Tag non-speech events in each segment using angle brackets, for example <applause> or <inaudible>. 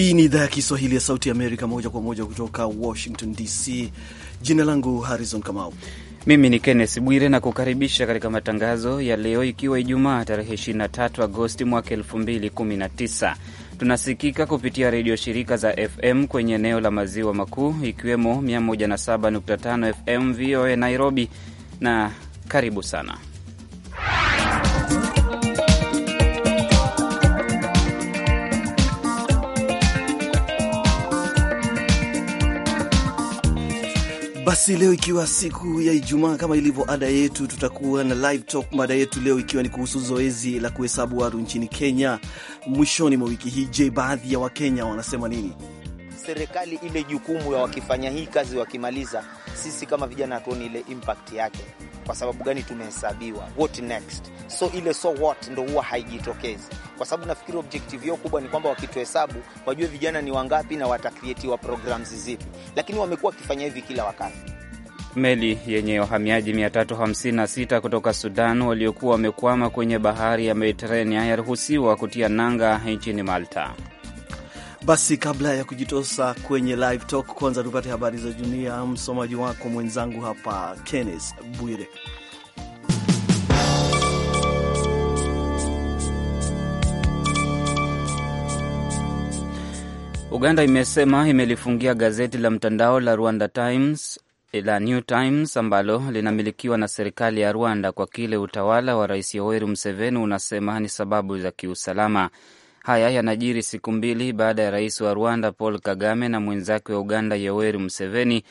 Hii ni idhaa ya Kiswahili ya Sauti ya Amerika, moja kwa moja kutoka Washington DC. Jina langu Harrison Kamau. Mimi ni Kenneth Bwire na kukaribisha katika matangazo ya leo, ikiwa Ijumaa tarehe 23 Agosti mwaka 2019. Tunasikika kupitia redio shirika za FM kwenye eneo la maziwa makuu ikiwemo 107.5 FM VOA Nairobi, na karibu sana Basi leo ikiwa siku ya Ijumaa, kama ilivyo ada yetu, tutakuwa na live talk. Mada yetu leo ikiwa ni kuhusu zoezi la kuhesabu watu nchini Kenya mwishoni mwa wiki hii. Je, baadhi ya Wakenya wanasema nini? Serikali ile jukumu ya wakifanya hii kazi wakimaliza, sisi kama vijana hatuoni ile impact yake kwa sababu gani tumehesabiwa, what next? So ile so what ndo huwa haijitokezi, kwa sababu nafikiri objective yao kubwa ni kwamba wakituhesabu wajue vijana ni wangapi na watakrietiwa programs zipi, lakini wamekuwa wakifanya hivi kila wakati. Meli yenye wahamiaji 356 kutoka Sudan waliokuwa wamekwama kwenye bahari ya Mediterania yaruhusiwa kutia nanga nchini Malta. Basi kabla ya kujitosa kwenye live talk, kwanza tupate habari za dunia. Msomaji wako mwenzangu hapa kennes Bwire. Uganda imesema imelifungia gazeti la mtandao la Rwanda Times la New Times ambalo linamilikiwa na serikali ya Rwanda kwa kile utawala wa Rais Yoweri Museveni unasema ni sababu za kiusalama. Haya yanajiri siku mbili baada ya rais wa Rwanda Paul Kagame na mwenzake wa Uganda Yoweri Museveni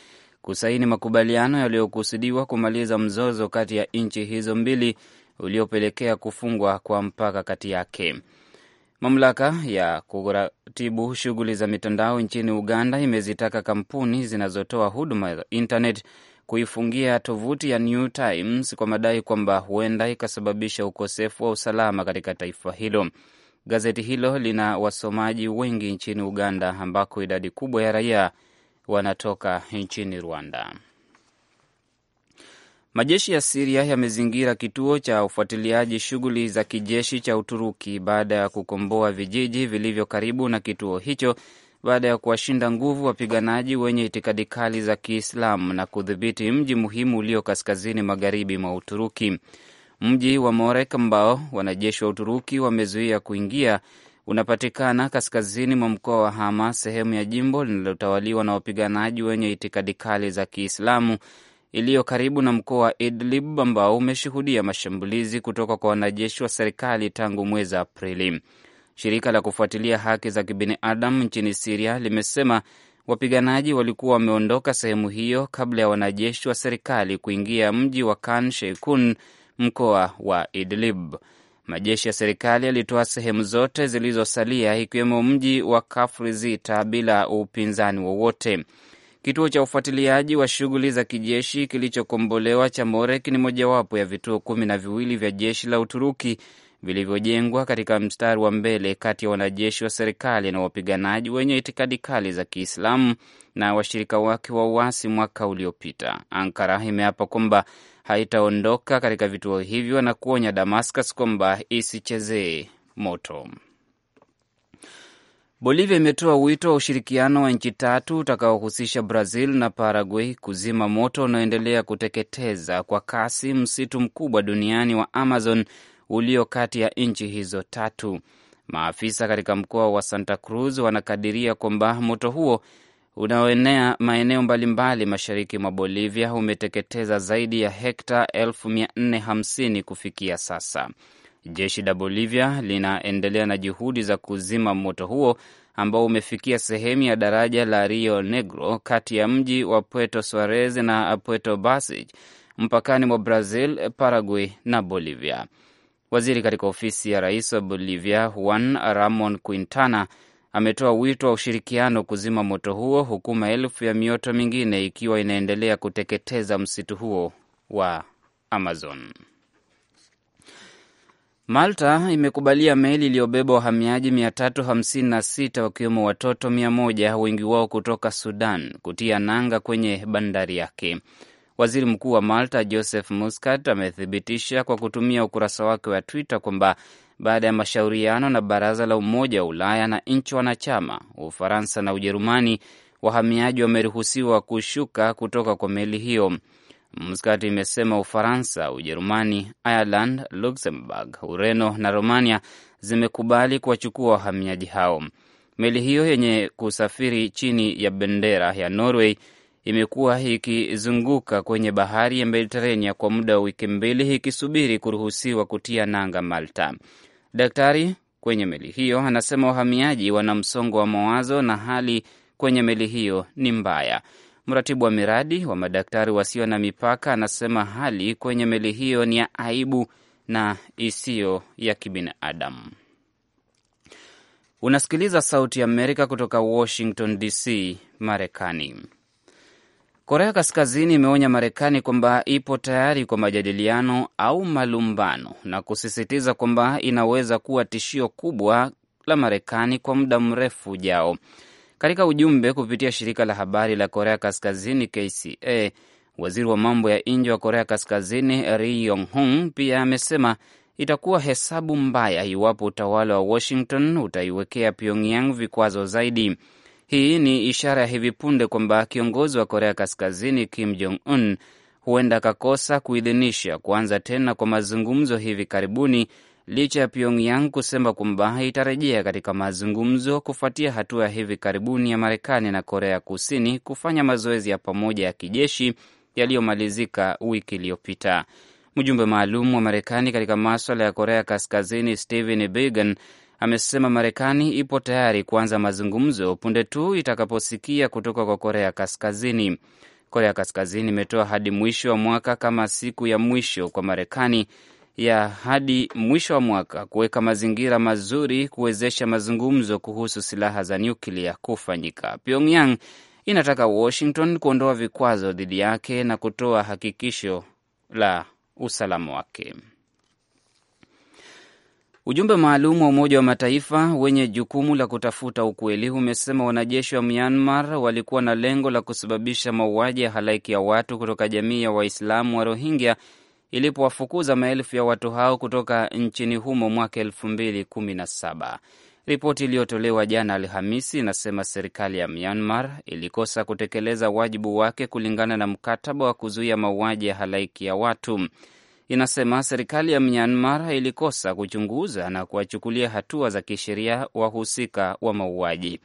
kusaini makubaliano yaliyokusudiwa kumaliza mzozo kati ya nchi hizo mbili uliopelekea kufungwa kwa mpaka kati yake. Mamlaka ya kuratibu shughuli za mitandao nchini Uganda imezitaka kampuni zinazotoa huduma za internet kuifungia tovuti ya New Times kwa madai kwamba huenda ikasababisha ukosefu wa usalama katika taifa hilo. Gazeti hilo lina wasomaji wengi nchini Uganda, ambako idadi kubwa ya raia wanatoka nchini Rwanda. Majeshi ya Siria yamezingira kituo cha ufuatiliaji shughuli za kijeshi cha Uturuki baada ya kukomboa vijiji vilivyo karibu na kituo hicho baada ya kuwashinda nguvu wapiganaji wenye itikadi kali za Kiislamu na kudhibiti mji muhimu ulio kaskazini magharibi mwa Uturuki. Mji wa Morek ambao wanajeshi wa Uturuki wamezuia kuingia unapatikana kaskazini mwa mkoa wa Hama, sehemu ya jimbo linalotawaliwa na wapiganaji wenye itikadi kali za Kiislamu iliyo karibu na mkoa wa Idlib ambao umeshuhudia mashambulizi kutoka kwa wanajeshi wa serikali tangu mwezi Aprili. Shirika la kufuatilia haki za kibinadamu nchini Siria limesema wapiganaji walikuwa wameondoka sehemu hiyo kabla ya wanajeshi wa serikali kuingia mji wa Khan Sheikhoun mkoa wa Idlib. Majeshi ya serikali yalitoa sehemu zote zilizosalia ikiwemo mji wa Kafrizita bila upinzani wowote. Kituo cha ufuatiliaji wa shughuli za kijeshi kilichokombolewa cha Morek ni mojawapo ya vituo kumi na viwili vya jeshi la Uturuki vilivyojengwa katika mstari wa mbele kati ya wanajeshi wa serikali na wapiganaji wenye itikadi kali za Kiislamu na washirika wake wa uasi mwaka uliopita. Ankara imeapa kwamba haitaondoka katika vituo hivyo na kuonya Damascus kwamba isichezee moto. Bolivia imetoa wito wa ushirikiano wa nchi tatu utakaohusisha Brazil na Paraguay kuzima moto unaoendelea kuteketeza kwa kasi msitu mkubwa duniani wa Amazon ulio kati ya nchi hizo tatu. Maafisa katika mkoa wa Santa Cruz wanakadiria kwamba moto huo unaoenea maeneo mbalimbali mashariki mwa Bolivia umeteketeza zaidi ya hekta 450 kufikia sasa. Jeshi la Bolivia linaendelea na juhudi za kuzima moto huo ambao umefikia sehemu ya daraja la Rio Negro kati ya mji wa Puerto Suarez na Puerto Basij mpakani mwa Brazil, Paraguay na Bolivia. Waziri katika ofisi ya rais wa Bolivia Juan Ramon Quintana ametoa wito wa ushirikiano kuzima moto huo huku maelfu ya mioto mingine ikiwa inaendelea kuteketeza msitu huo wa Amazon. Malta imekubalia meli iliyobeba wahamiaji 356 wakiwemo watoto 100 wengi wao kutoka Sudan kutia nanga kwenye bandari yake. Waziri Mkuu wa Malta Joseph Muscat amethibitisha kwa kutumia ukurasa wake wa Twitter kwamba baada ya mashauriano na baraza la Umoja wa Ulaya na nchi wanachama Ufaransa na Ujerumani, wahamiaji wameruhusiwa kushuka kutoka kwa meli hiyo. Mskati imesema Ufaransa, Ujerumani, Ireland, Luxembourg, Ureno na Romania zimekubali kuwachukua wahamiaji hao. Meli hiyo yenye kusafiri chini ya bendera ya Norway imekuwa ikizunguka kwenye bahari ya Mediterania kwa muda wa wiki mbili ikisubiri kuruhusiwa kutia nanga Malta. Daktari kwenye meli hiyo anasema wahamiaji wana msongo wa mawazo na hali kwenye meli hiyo ni mbaya. Mratibu wa miradi wa madaktari wasio na mipaka anasema hali kwenye meli hiyo ni ya aibu na isiyo ya kibinadamu. Unasikiliza Sauti ya Amerika kutoka Washington DC, Marekani. Korea Kaskazini imeonya Marekani kwamba ipo tayari kwa majadiliano au malumbano na kusisitiza kwamba inaweza kuwa tishio kubwa la Marekani kwa muda mrefu ujao. Katika ujumbe kupitia shirika la habari la Korea Kaskazini KCA, waziri wa mambo ya nje wa Korea Kaskazini Ri Yong hung pia amesema itakuwa hesabu mbaya iwapo utawala wa Washington utaiwekea Pyongyang vikwazo zaidi. Hii ni ishara ya hivi punde kwamba kiongozi wa Korea Kaskazini Kim Jong Un huenda akakosa kuidhinisha kuanza tena kwa mazungumzo hivi karibuni licha ya Pyongyang kusema kwamba itarejea katika mazungumzo kufuatia hatua ya hivi karibuni ya Marekani na Korea Kusini kufanya mazoezi ya pamoja ya kijeshi yaliyomalizika wiki iliyopita. Mjumbe maalum wa Marekani katika maswala ya Korea Kaskazini Stephen Biegun amesema Marekani ipo tayari kuanza mazungumzo punde tu itakaposikia kutoka kwa Korea Kaskazini. Korea Kaskazini imetoa hadi mwisho wa mwaka kama siku ya mwisho kwa Marekani ya hadi mwisho wa mwaka kuweka mazingira mazuri kuwezesha mazungumzo kuhusu silaha za nyuklia kufanyika. Pyongyang inataka Washington kuondoa vikwazo dhidi yake na kutoa hakikisho la usalama wake. Ujumbe maalum wa Umoja wa Mataifa wenye jukumu la kutafuta ukweli umesema wanajeshi wa Myanmar walikuwa na lengo la kusababisha mauaji ya halaiki ya watu kutoka jamii ya Waislamu wa Rohingya ilipowafukuza maelfu ya watu hao kutoka nchini humo mwaka elfu mbili kumi na saba. Ripoti iliyotolewa jana Alhamisi inasema serikali ya Myanmar ilikosa kutekeleza wajibu wake kulingana na mkataba wa kuzuia mauaji ya halaiki ya watu inasema serikali ya Myanmar ilikosa kuchunguza na kuwachukulia hatua za kisheria wahusika wa mauaji.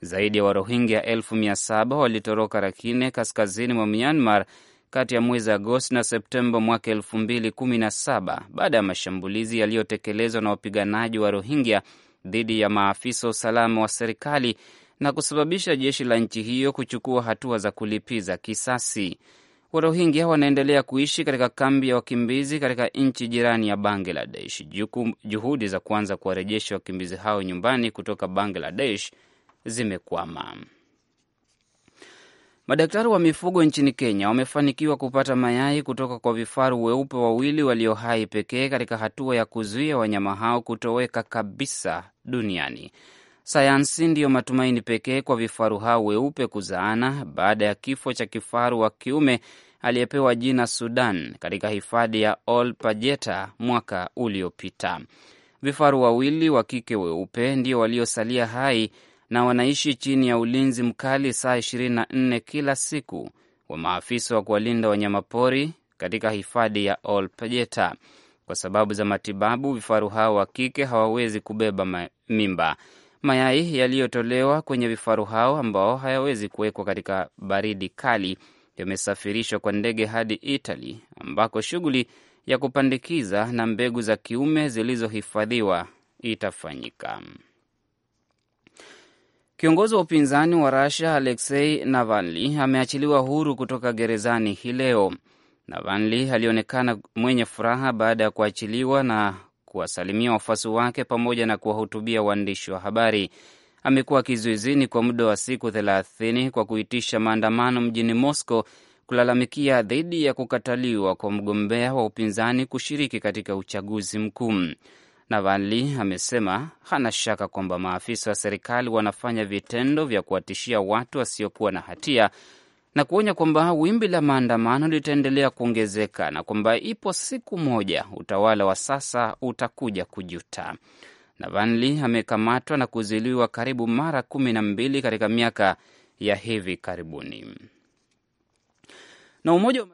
Zaidi ya Warohingya elfu mia saba walitoroka Rakhine kaskazini mwa Myanmar kati ya mwezi Agosti na Septemba mwaka elfu mbili kumi na saba baada ya mashambulizi yaliyotekelezwa na wapiganaji wa Rohingya dhidi ya maafisa wa usalama wa serikali na kusababisha jeshi la nchi hiyo kuchukua hatua za kulipiza kisasi. Warohingya wanaendelea kuishi katika kambi ya wakimbizi katika nchi jirani ya Bangladesh. Juhudi za kuanza kuwarejesha wakimbizi hao nyumbani kutoka Bangladesh zimekwama. Madaktari wa mifugo nchini Kenya wamefanikiwa kupata mayai kutoka kwa vifaru weupe wawili walio hai pekee katika hatua ya kuzuia wanyama hao kutoweka kabisa duniani. Sayansi ndiyo matumaini pekee kwa vifaru hao weupe kuzaana baada ya kifo cha kifaru wa kiume aliyepewa jina Sudan katika hifadhi ya Ol Pajeta mwaka uliopita. Vifaru wawili wa kike weupe ndio waliosalia hai na wanaishi chini ya ulinzi mkali saa 24 kila siku wa maafisa wa kuwalinda wanyamapori katika hifadhi ya Ol Pajeta. Kwa sababu za matibabu, vifaru hao wa kike hawawezi kubeba mimba. Mayai yaliyotolewa kwenye vifaru hao ambao hayawezi kuwekwa katika baridi kali yamesafirishwa kwa ndege hadi Italy ambako shughuli ya kupandikiza na mbegu za kiume zilizohifadhiwa itafanyika. Kiongozi wa upinzani wa Rusia Aleksei Navalny ameachiliwa huru kutoka gerezani hii leo. Navalny alionekana mwenye furaha baada ya kuachiliwa na kuwasalimia wafuasi wake pamoja na kuwahutubia waandishi wa habari. Amekuwa kizuizini kwa muda wa siku thelathini kwa kuitisha maandamano mjini Moscow kulalamikia dhidi ya kukataliwa kwa mgombea wa upinzani kushiriki katika uchaguzi mkuu. Navalny amesema hana shaka kwamba maafisa wa serikali wanafanya vitendo vya kuwatishia watu wasiokuwa na hatia na kuonya kwamba wimbi la maandamano litaendelea kuongezeka na kwamba ipo siku moja utawala wa sasa utakuja kujuta. Navalny amekamatwa na kuzuiliwa karibu mara kumi na mbili katika miaka ya hivi karibuni na umoja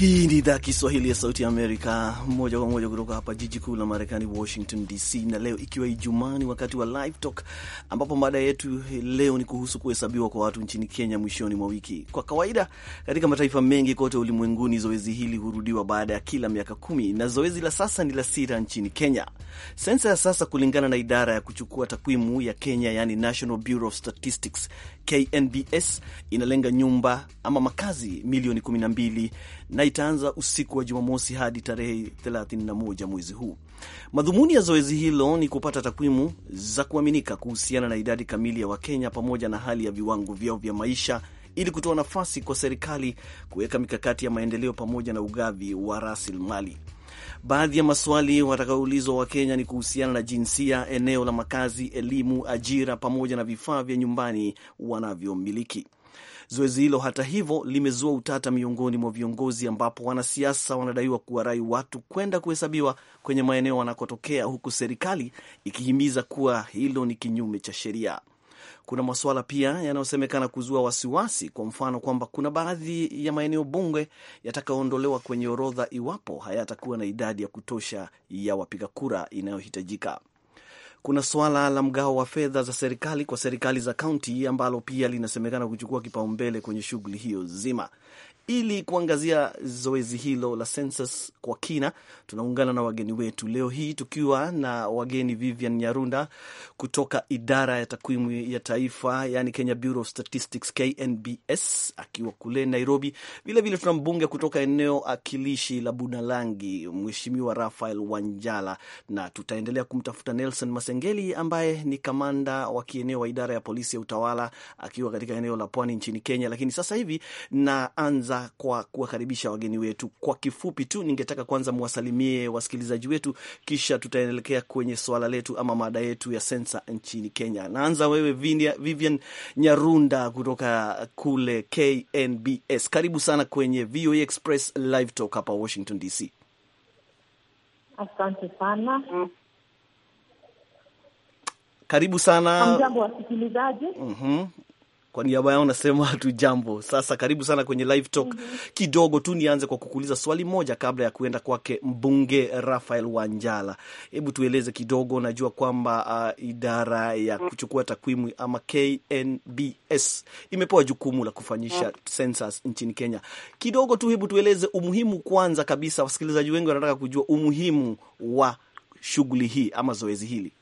Hii ni idhaa Kiswahili ya Sauti ya Amerika, moja kwa moja kutoka hapa jiji kuu la Marekani, Washington DC, na leo ikiwa Ijumaa ni wakati wa Live Talk, ambapo mada yetu leo ni kuhusu kuhesabiwa kwa watu nchini Kenya mwishoni mwa wiki. Kwa kawaida, katika mataifa mengi kote ulimwenguni, zoezi hili hurudiwa baada ya kila miaka kumi, na zoezi la sasa ni la sita nchini Kenya. Sensa ya sasa, kulingana na idara ya kuchukua takwimu ya Kenya, yani National Bureau of Statistics, KNBS inalenga nyumba ama makazi milioni 12 na itaanza usiku wa Jumamosi hadi tarehe 31 mwezi huu. Madhumuni ya zoezi hilo ni kupata takwimu za kuaminika kuhusiana na idadi kamili ya Wakenya pamoja na hali ya viwango vyao vya maisha ili kutoa nafasi kwa serikali kuweka mikakati ya maendeleo pamoja na ugavi wa rasilimali. Baadhi ya maswali watakaoulizwa Wakenya ni kuhusiana na jinsia, eneo la makazi, elimu, ajira pamoja na vifaa vya nyumbani wanavyomiliki. Zoezi hilo hata hivyo limezua utata miongoni mwa viongozi, ambapo wanasiasa wanadaiwa kuwarai watu kwenda kuhesabiwa kwenye maeneo wanakotokea, huku serikali ikihimiza kuwa hilo ni kinyume cha sheria. Kuna masuala pia yanayosemekana kuzua wasiwasi, kwa mfano kwamba kuna baadhi ya maeneo bunge yatakayoondolewa kwenye orodha iwapo hayatakuwa na idadi ya kutosha ya wapiga kura inayohitajika. Kuna suala la mgao wa fedha za serikali kwa serikali za kaunti ambalo pia linasemekana kuchukua kipaumbele kwenye shughuli hiyo zima. Ili kuangazia zoezi hilo la census kwa kina, tunaungana na wageni wetu leo hii tukiwa na wageni Vivian Nyarunda kutoka idara ya takwimu ya taifa, yani Kenya Bureau of Statistics, KNBS, akiwa kule Nairobi. Vilevile tuna mbunge kutoka eneo akilishi la Bunalangi, Mheshimiwa Rafael Wanjala, na tutaendelea kumtafuta Nelson Masengeli ambaye ni kamanda wa kieneo wa idara ya polisi ya utawala, akiwa katika eneo la pwani nchini Kenya, lakini sasa hivi naanza kwa kuwakaribisha wageni wetu. Kwa kifupi tu, ningetaka kwanza mwasalimie wasikilizaji wetu, kisha tutaelekea kwenye swala letu ama mada yetu ya sensa nchini Kenya. Naanza wewe Vivian Nyarunda kutoka kule KNBS. Karibu sana kwenye VOA e Express Live Talk hapa Washington DC. Asante sana. Mm. Karibu sana. Mjambo wasikilizaji. mm -hmm. Kwa niaba yao nasema hatu jambo. Sasa karibu sana kwenye live talk. mm -hmm. Kidogo tu nianze kwa kukuuliza swali moja kabla ya kuenda kwake mbunge Rafael Wanjala, hebu tueleze kidogo. Najua kwamba uh, idara ya mhm. kuchukua takwimu ama KNBS imepewa jukumu la kufanyisha mhm. census nchini Kenya. Kidogo tu, hebu tueleze umuhimu kwanza kabisa, wasikilizaji wengi wanataka kujua umuhimu wa shughuli hii ama zoezi hili.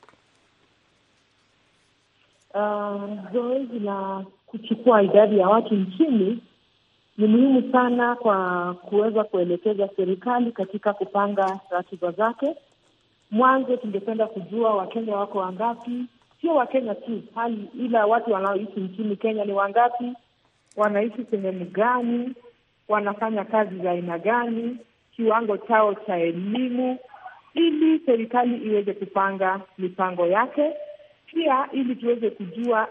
Uh, zoezi la kuchukua idadi ya watu nchini ni muhimu sana kwa kuweza kuelekeza serikali katika kupanga ratiba zake. Mwanzo tungependa kujua Wakenya wako wangapi, sio Wakenya tu hali, ila watu wanaoishi nchini Kenya ni wangapi, wanaishi sehemu gani, wanafanya kazi za aina gani, kiwango chao cha elimu, ili serikali iweze kupanga mipango yake, pia ili tuweze kujua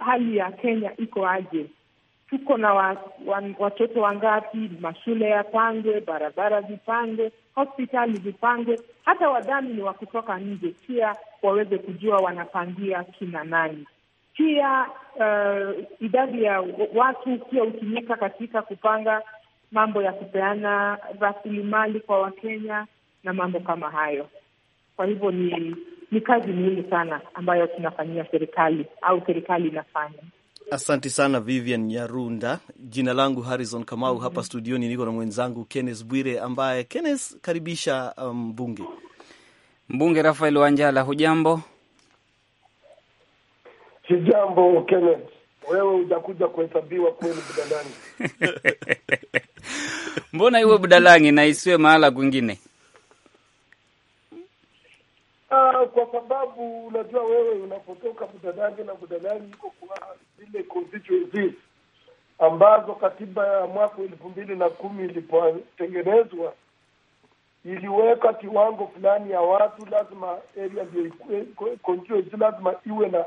hali ya Kenya iko aje? Tuko na wa, wa, watoto wangapi? Mashule yapangwe, barabara zipangwe, hospitali zipangwe. Hata wadhamini wa kutoka nje pia waweze kujua wanapangia kina nani. Pia uh, idadi ya watu pia hutumika katika kupanga mambo ya kupeana rasilimali kwa Wakenya na mambo kama hayo. Kwa hivyo ni ni kazi muhimu sana ambayo tunafanyia serikali au serikali inafanya. Asanti sana Vivian Nyarunda. Jina langu Harrison Kamau, mm -hmm. Hapa studioni niko na mwenzangu Kenneth Bwire, ambaye Kenneth, karibisha uh, mbunge. Um, mbunge Rafael Wanjala, hujambo? Sijambo Kenneth, wewe hujakuja kuhesabiwa kweli Budalangi? <laughs> Mbona iwe Budalangi na isiwe mahala kwingine? Ah, kwa sababu unajua wewe unapotoka Budadani na budadangi iko kwa zile constituencies ambazo katiba ya mwaka elfu mbili na kumi ilipotengenezwa iliweka kiwango fulani ya watu, lazima area ndio constituency lazima iwe na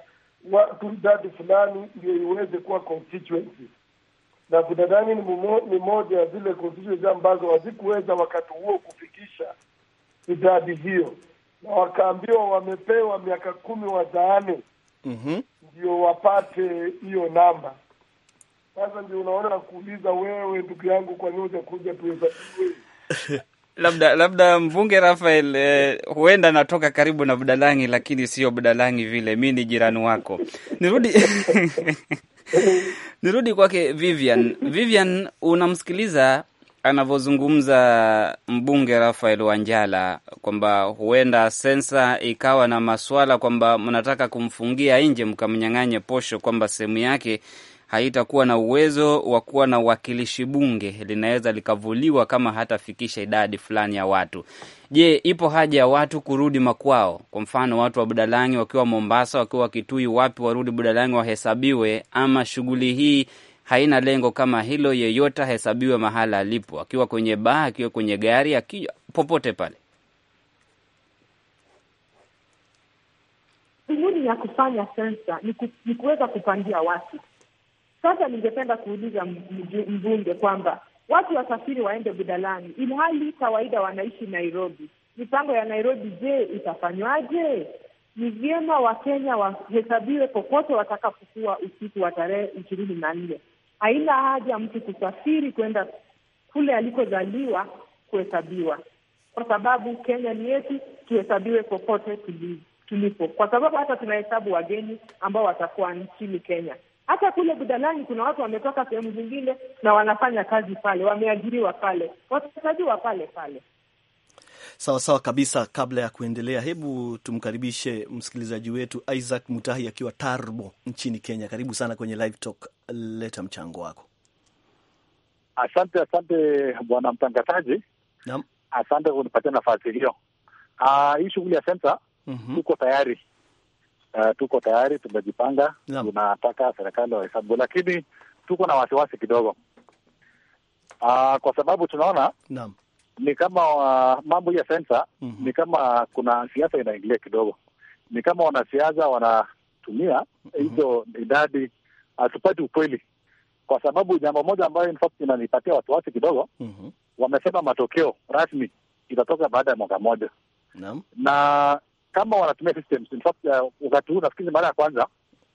watu idadi fulani ndio iweze kuwa constituency, na budadangi ni moja ya zile constituency ambazo hazikuweza wakati huo kufikisha idadi hiyo na wakaambiwa wamepewa miaka kumi wazaane mm -hmm. ndio wapate hiyo namba. Sasa ndio unaona nakuuliza wewe, ndugu yangu, kwa nini ujakuja tueza <laughs> labda labda mbunge Rafael eh, huenda natoka karibu na Budalangi, lakini sio Budalangi vile, mi ni jirani wako. Nirudi <laughs> <laughs> nirudi kwake Vivian. Vivian, unamsikiliza anavyozungumza mbunge Rafael Wanjala kwamba huenda sensa ikawa na maswala kwamba mnataka kumfungia nje, mkamnyang'anye posho, kwamba sehemu yake haitakuwa na uwezo wa kuwa na uwakilishi, bunge linaweza likavuliwa kama hatafikisha idadi fulani ya watu. Je, ipo haja ya watu kurudi makwao? Kwa mfano watu wa Budalangi wakiwa Mombasa, wakiwa Kitui, wapi warudi Budalangi wahesabiwe, ama shughuli hii haina lengo kama hilo, yeyote ahesabiwe mahala alipo, akiwa kwenye baa, akiwa kwenye gari, akiwa popote pale. Dhumuni ya kufanya sensa ni kuweza kupangia watu. Sasa ningependa kuuliza mbunge kwamba watu wasafiri waende Budalani, ilhali kawaida wanaishi Nairobi. Mipango ya Nairobi, je, itafanywaje? Ni vyema Wakenya wahesabiwe popote watakapokuwa usiku wa tarehe ishirini na nne haina haja mtu kusafiri kwenda kule alikozaliwa kuhesabiwa, kwa sababu Kenya ni yetu, tuhesabiwe popote tulipo, kwa sababu hata tunahesabu wageni ambao watakuwa nchini Kenya. Hata kule Budalani kuna watu wametoka sehemu zingine na wanafanya kazi pale, wameajiriwa pale, watahesabiwa pale pale. Sawa sawa kabisa. Kabla ya kuendelea, hebu tumkaribishe msikilizaji wetu Isaac Mutahi akiwa Tarbo nchini Kenya. Karibu sana kwenye Live Talk, leta mchango wako. Asante, asante bwana mtangazaji. Naam, asante kunipatia nafasi hiyo. Ah, hii shughuli ya senta mm -hmm. Tuko tayari uh, tuko tayari, tumejipanga, tunataka serikali wahesabu, lakini tuko na wasiwasi kidogo uh, kwa sababu tunaona Naam ni kama uh, mambo ya sensa mm -hmm. Ni kama kuna siasa inaingilia kidogo, ni kama wanasiasa wanatumia mhm. hizo mm -hmm. idadi, hatupati ukweli, kwa sababu jambo moja ambayo in fact inanipatia wasiwasi kidogo mm -hmm. Wamesema matokeo rasmi itatoka baada ya mwaka moja no. na kama wanatumia systems in fact, uh, wakati huu nafikiri mara ya kwanza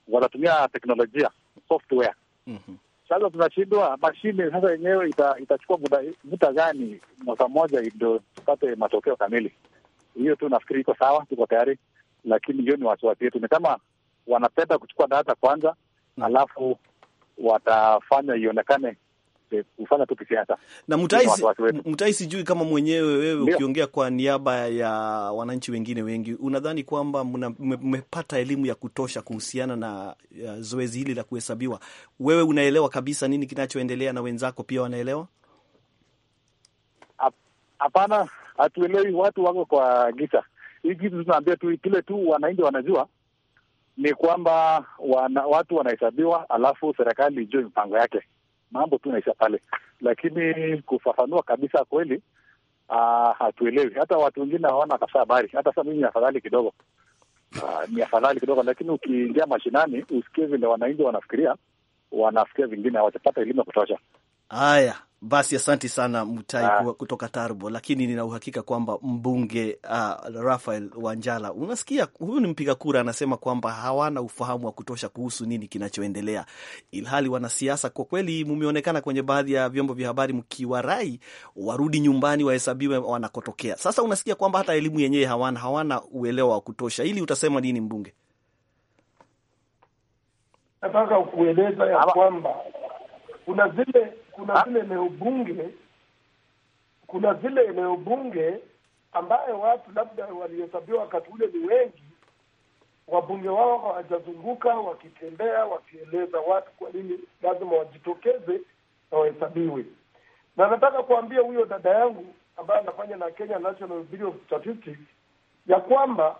wanatumia teknolojia software mm -hmm. Sasa tunashindwa mashine sasa yenyewe ita, itachukua muda gani mwaka mmoja ndio tupate matokeo kamili? Hiyo tu nafikiri iko sawa, tuko tayari, lakini hiyo ni wasiwasi yetu. Ni kama wanapenda kuchukua data kwanza, mm. alafu watafanya ionekane Eh, kufanya tu kisiasa. Na Mutahi, sijui kama mwenyewe wewe ukiongea kwa niaba ya wananchi wengine wengi, unadhani kwamba mmepata elimu ya kutosha kuhusiana na zoezi hili la kuhesabiwa? Wewe unaelewa kabisa nini kinachoendelea na wenzako pia wanaelewa? Hapana, hatuelewi. Watu wako kwa gisa. hii kitu, tunaambia tu kile tu wananchi wanajua ni kwamba wana, watu wanahesabiwa, alafu serikali ijue mipango yake mambo tu naisha pale, lakini kufafanua kabisa kweli Uh, hatuelewi hata watu wengine hawana kasa habari. Hata sa mimi ni afadhali kidogo, uh, ni afadhali kidogo, lakini ukiingia mashinani usikie vile wananchi wanafikiria, wanafikiria vingine, hawajapata elimu ya kutosha. Haya, basi asanti sana Mutai ah, kutoka Tarbo, lakini nina uhakika kwamba mbunge uh, Rafael Wanjala, unasikia huyu ni mpiga kura, anasema kwamba hawana ufahamu wa kutosha kuhusu nini kinachoendelea, ilhali wanasiasa kwa kweli mumeonekana kwenye baadhi ya vyombo vya habari mkiwarai warudi nyumbani wahesabiwe wanakotokea. Sasa unasikia kwamba hata elimu yenyewe hawana, hawana uelewa wa kutosha. Ili utasema nini mbunge? Nataka kueleza ya kwamba kuna zile kuna zile eneo bunge, kuna zile eneo bunge ambayo watu labda walihesabiwa wakati ule ni wengi, wabunge wao hawajazunguka wakitembea, wakieleza watu kwa nini lazima wajitokeze na wahesabiwe. Na nataka kuambia huyo dada yangu ambaye anafanya na Kenya National Bureau of Statistics ya kwamba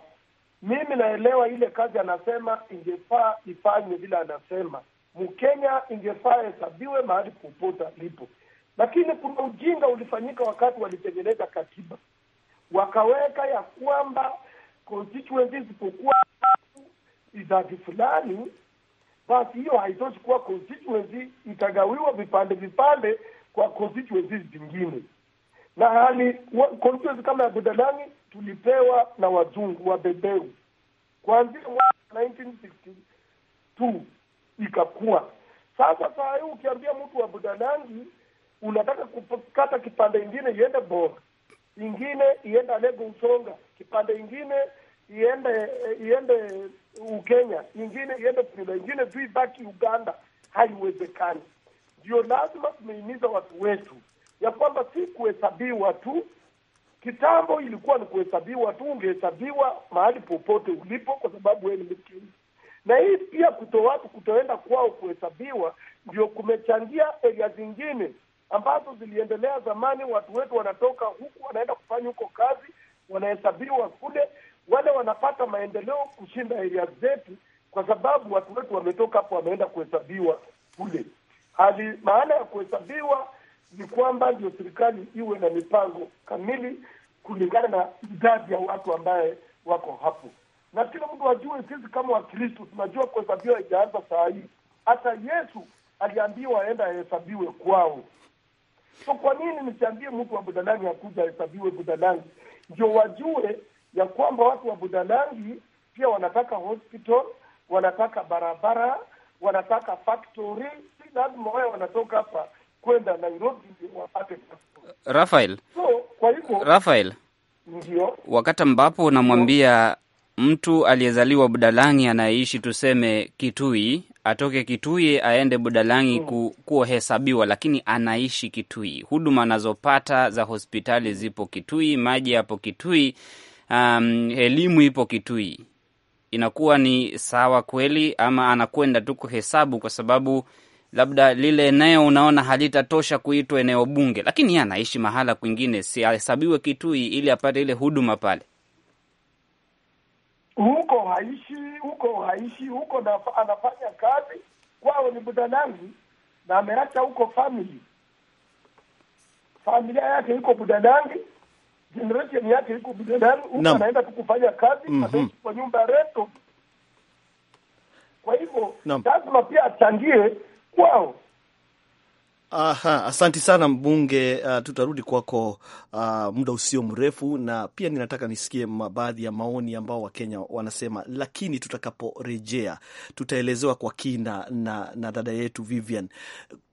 mimi naelewa ile kazi anasema ingefaa ifanywe vile anasema, Mkenya ingefaa hesabiwe mahali popote alipo, lakini kuna ujinga ulifanyika wakati walitengeneza katiba, wakaweka ya kwamba constituency isipokuwa idadi fulani, basi hiyo haitoshi kuwa constituency, itagawiwa vipande vipande kwa constituencies zingine. Na hali constituency kama ya Budalangi tulipewa na wazungu wa bebeu kuanzia mwaka 1962 ikakua sasa. Saa hii ukiambia mtu wa Budalangi unataka kukata kipande ingine iende Bora, ingine iende Alego Usonga, kipande ingine iende iende Ukenya, ingine iende Pula, ingine tu ibaki Uganda. Haiwezekani. Ndio lazima tumehimiza watu wetu ya kwamba si kuhesabiwa tu. Kitambo ilikuwa ni kuhesabiwa tu, ungehesabiwa mahali popote ulipo, kwa sababu wewe ni Mkenya na hii pia kuto watu kutoenda kwao kuhesabiwa ndio kumechangia eria zingine ambazo ziliendelea zamani. Watu wetu wanatoka huku wanaenda kufanya huko kazi, wanahesabiwa kule, wale wanapata maendeleo kushinda eria zetu, kwa sababu watu wetu wametoka hapo, wameenda kuhesabiwa kule. Hali maana ya kuhesabiwa ni kwamba ndio serikali iwe na mipango kamili kulingana na idadi ya watu ambaye wako hapo na kila mtu ajue, sisi kama Wakristo tunajua kuhesabiwa haijaanza saa hii. Hata Yesu aliambiwa aenda ahesabiwe kwao. So kwa nini nisiambie mtu wa Budalangi akuja ahesabiwe Budalangi? Ndio wajue ya kwamba watu wa Budalangi pia wanataka hospital, wanataka barabara, wanataka factory. Si lazima wao wanatoka hapa kwenda Nairobi wapate Rafael. So kwa hivyo Rafael, ndio wakati ambapo unamwambia mtu aliyezaliwa Budalangi anayeishi tuseme Kitui atoke Kitui aende Budalangi mm. ku, kuohesabiwa, lakini anaishi Kitui, huduma anazopata za hospitali zipo Kitui, maji yapo Kitui, um, elimu ipo Kitui, inakuwa ni sawa kweli? Ama anakwenda tu kuhesabu kwa sababu labda lile eneo unaona halitatosha kuitwa eneo bunge, lakini yeye anaishi mahala kwingine, si ahesabiwe Kitui ili apate ile huduma pale? huko haishi huko haishi huko anafanya kazi kwao ni Budalangi na ameacha huko family, familia yake iko Budalangi, generation yake iko Budalangi huko anaenda tu kufanya kazi mm -hmm. kwa nyumba reto. Kwa hivyo lazima pia achangie kwao Aha, asanti sana mbunge. Uh, tutarudi kwako uh, muda usio mrefu, na pia ninataka nisikie baadhi ya maoni ambao Wakenya wanasema, lakini tutakaporejea tutaelezewa kwa kina na, na dada yetu Vivian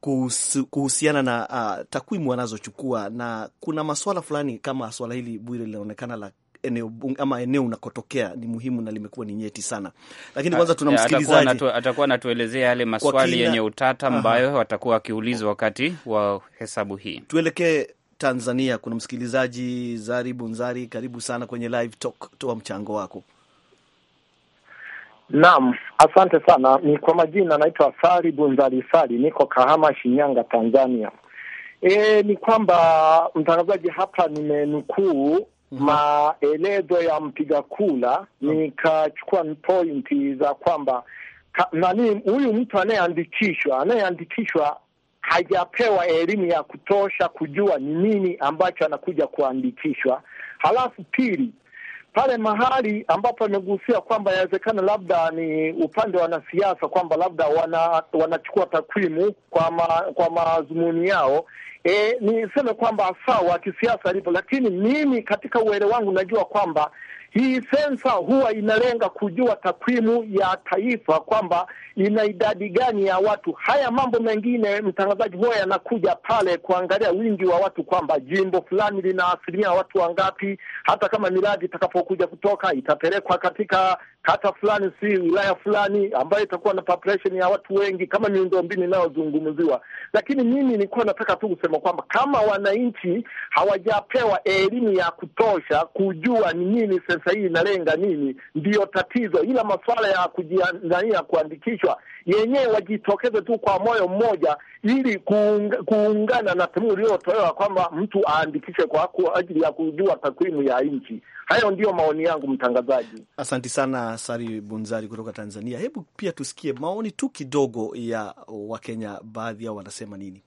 kuhusu, kuhusiana na uh, takwimu wanazochukua, na kuna maswala fulani kama swala hili Bwire linaonekana la eneo ama eneo unakotokea ni muhimu na limekuwa ni nyeti sana, lakini kwanza tuna msikilizaji atakuwa anatuelezea yale maswali yenye utata ambayo watakuwa wakiulizwa wakati wa hesabu hii. Tuelekee Tanzania. Kuna msikilizaji Zari Bunzari, karibu sana kwenye live talk, toa mchango wako. Naam, asante sana. Ni kwa majina naitwa sari Bunzari Sari, niko Kahama, Shinyanga, Tanzania. E, ni kwamba mtangazaji hapa nimenukuu maelezo ya mpiga kula, hmm. nikachukua pointi za kwamba nani huyu mtu anayeandikishwa, anayeandikishwa hajapewa elimu ya kutosha kujua ni nini ambacho anakuja kuandikishwa. Halafu pili, pale mahali ambapo amegusia kwamba inawezekana labda ni upande wa wanasiasa kwamba labda wana, wanachukua takwimu kwa ma, kwa madhumuni yao. E, niseme kwamba sawa kisiasa alipo, lakini mimi katika uelewa wangu najua kwamba hii sensa huwa inalenga kujua takwimu ya taifa kwamba ina idadi gani ya watu. Haya mambo mengine, mtangazaji, huwa yanakuja pale kuangalia wingi wa watu, kwamba jimbo fulani lina asilimia watu wangapi. Hata kama miradi itakapokuja kutoka itapelekwa katika kata fulani, si wilaya fulani ambayo itakuwa na population ya watu wengi, kama miundombinu inayozungumziwa. Lakini mimi nilikuwa nataka tu kusema kwamba kama wananchi hawajapewa elimu ya kutosha kujua ni nini sensa hii inalenga nini, ndiyo tatizo. Ila masuala ya kujiandania kuandikishwa yenyewe wajitokeze tu kwa moyo mmoja, ili kuunga, kuungana na tamu iliyotolewa kwamba mtu aandikishe kwa ajili ya kujua takwimu ya nchi. Hayo ndiyo maoni yangu, mtangazaji. asanti sana. Sari Bunzari kutoka Tanzania. Hebu pia tusikie maoni tu kidogo ya Wakenya, baadhi yao wanasema nini.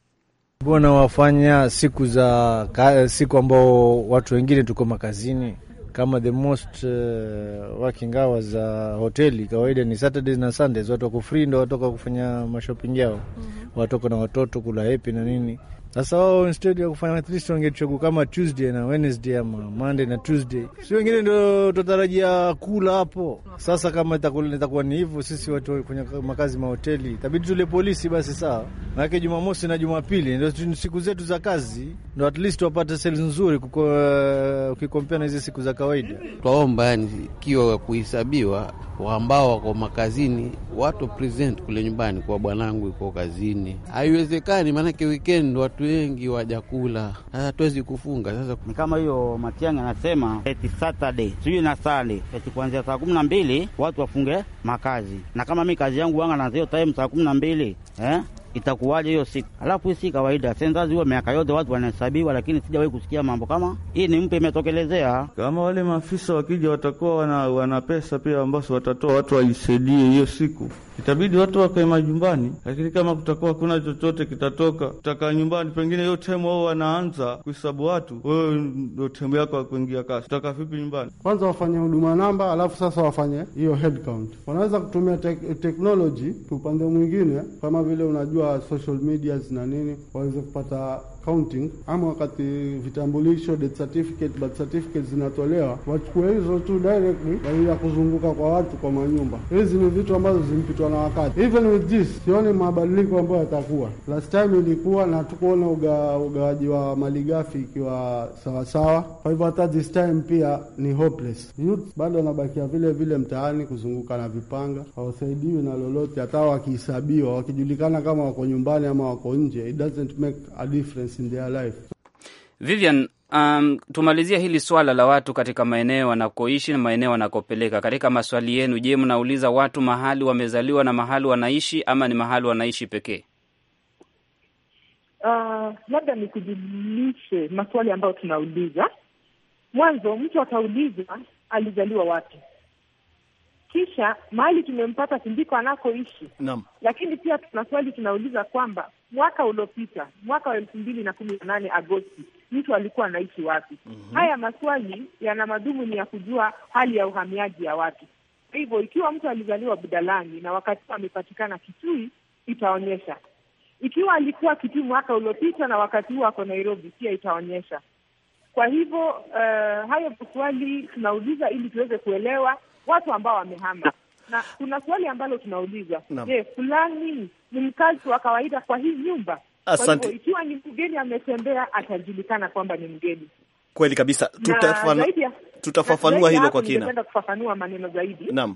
Mbona wafanya siku za siku ambao watu wengine tuko makazini kama the most uh, working hours za uh, hoteli kawaida ni Saturdays na Sundays, watu wako free, ndo watoka kufanya mashopping yao mm -hmm. watoko na watoto kula hepi na nini sasa wao instead ya kufanya at least wangechuku kama Tuesday na Wednesday ama Monday na Tuesday, si wengine ndio tutarajia kula hapo. Sasa kama itakuwa ni hivyo, sisi watu kwenye makazi mahoteli itabidi tule polisi basi, sawa. Manake Jumamosi na Jumapili ndio siku zetu za kazi, ndo at least wapate seli nzuri eh, ukikompea na hizi siku za kawaida. Twaomba yani kiwa kuhesabiwa ambao wako makazini, watu present kule nyumbani kwa bwanangu iko kazini, haiwezekani maanake weekend watu watu wengi wajakula, sasa tuwezi kufunga. Sasa ni kama hiyo Matiang'i anasema eti Saturday sijui na sali eti kuanzia saa kumi na mbili watu wafunge makazi, na kama mi kazi yangu wanga nazio taimu saa kumi na mbili eh? Itakuwaje hiyo siku? Alafu si kawaida sendazi huwa miaka yote watu wanahesabiwa, lakini sijawahi kusikia mambo kama hii, ni mpe imetokelezea. Kama wale maafisa wakija watakuwa wana, wana pesa pia ambazo watatoa watu waisaidie hiyo siku itabidi watu wakae majumbani, lakini kama kutakuwa hakuna chochote kitatoka, utakaa nyumbani. Pengine hiyo temu wao wanaanza kuhesabu watu, wewe ndo temu yako ya kuingia kasi, utakaa vipi nyumbani? Kwanza wafanye huduma namba, alafu sasa wafanye hiyo headcount. count. Wanaweza kutumia tek teknoloji upande mwingine, kama vile unajua social media na nini, waweze kupata accounting ama wakati vitambulisho death certificate, birth certificate zinatolewa, wachukue hizo tu directly badala ya kuzunguka kwa watu kwa manyumba. Hizi ni vitu ambazo zimpitwa na wakati. Even with this, sioni mabadiliko ambayo yatakuwa. Last time ilikuwa na tukuona ugawaji wa malighafi ikiwa sawasawa, kwa hivyo hata this time pia ni hopeless. Youth bado wanabakia vile vile mtaani kuzunguka na vipanga, hawasaidiwi na lolote, hata wakihesabiwa, wakijulikana kama wako nyumbani ama wako nje, it doesn't make a difference in their life. Vivian, um, tumalizia hili swala la watu katika maeneo wanakoishi na maeneo wanakopeleka. Katika maswali yenu, je, mnauliza watu mahali wamezaliwa na mahali wanaishi ama ni mahali wanaishi pekee? Uh, ah, ni nikujulishe maswali ambayo tunauliza. Mwanzo mtu atauliza alizaliwa wapi, kisha mahali tumempata, sindiko anakoishi. Naam, lakini pia tuna swali tunauliza kwamba mwaka uliopita, mwaka wa elfu mbili na kumi na nane Agosti, mtu alikuwa anaishi wapi? mm -hmm. Haya maswali yana madhumuni ya kujua hali ya uhamiaji ya watu. Kwa hivyo ikiwa mtu alizaliwa Budalani na wakati amepatikana Kitui, itaonyesha ikiwa alikuwa Kitui mwaka uliopita na wakati huo ako Nairobi, pia itaonyesha. Kwa hivyo uh, hayo maswali tunauliza ili tuweze kuelewa watu ambao wamehama na kuna swali ambalo tunauliza, je, fulani ni mkazi wa kawaida kwa hii nyumba? Asante. ikiwa ni mgeni ametembea, atajulikana kwamba ni mgeni. Kweli kabisa, tutafana tutafafanua hilo kwa kina. Ningependa kufafanua maneno zaidi. Naam,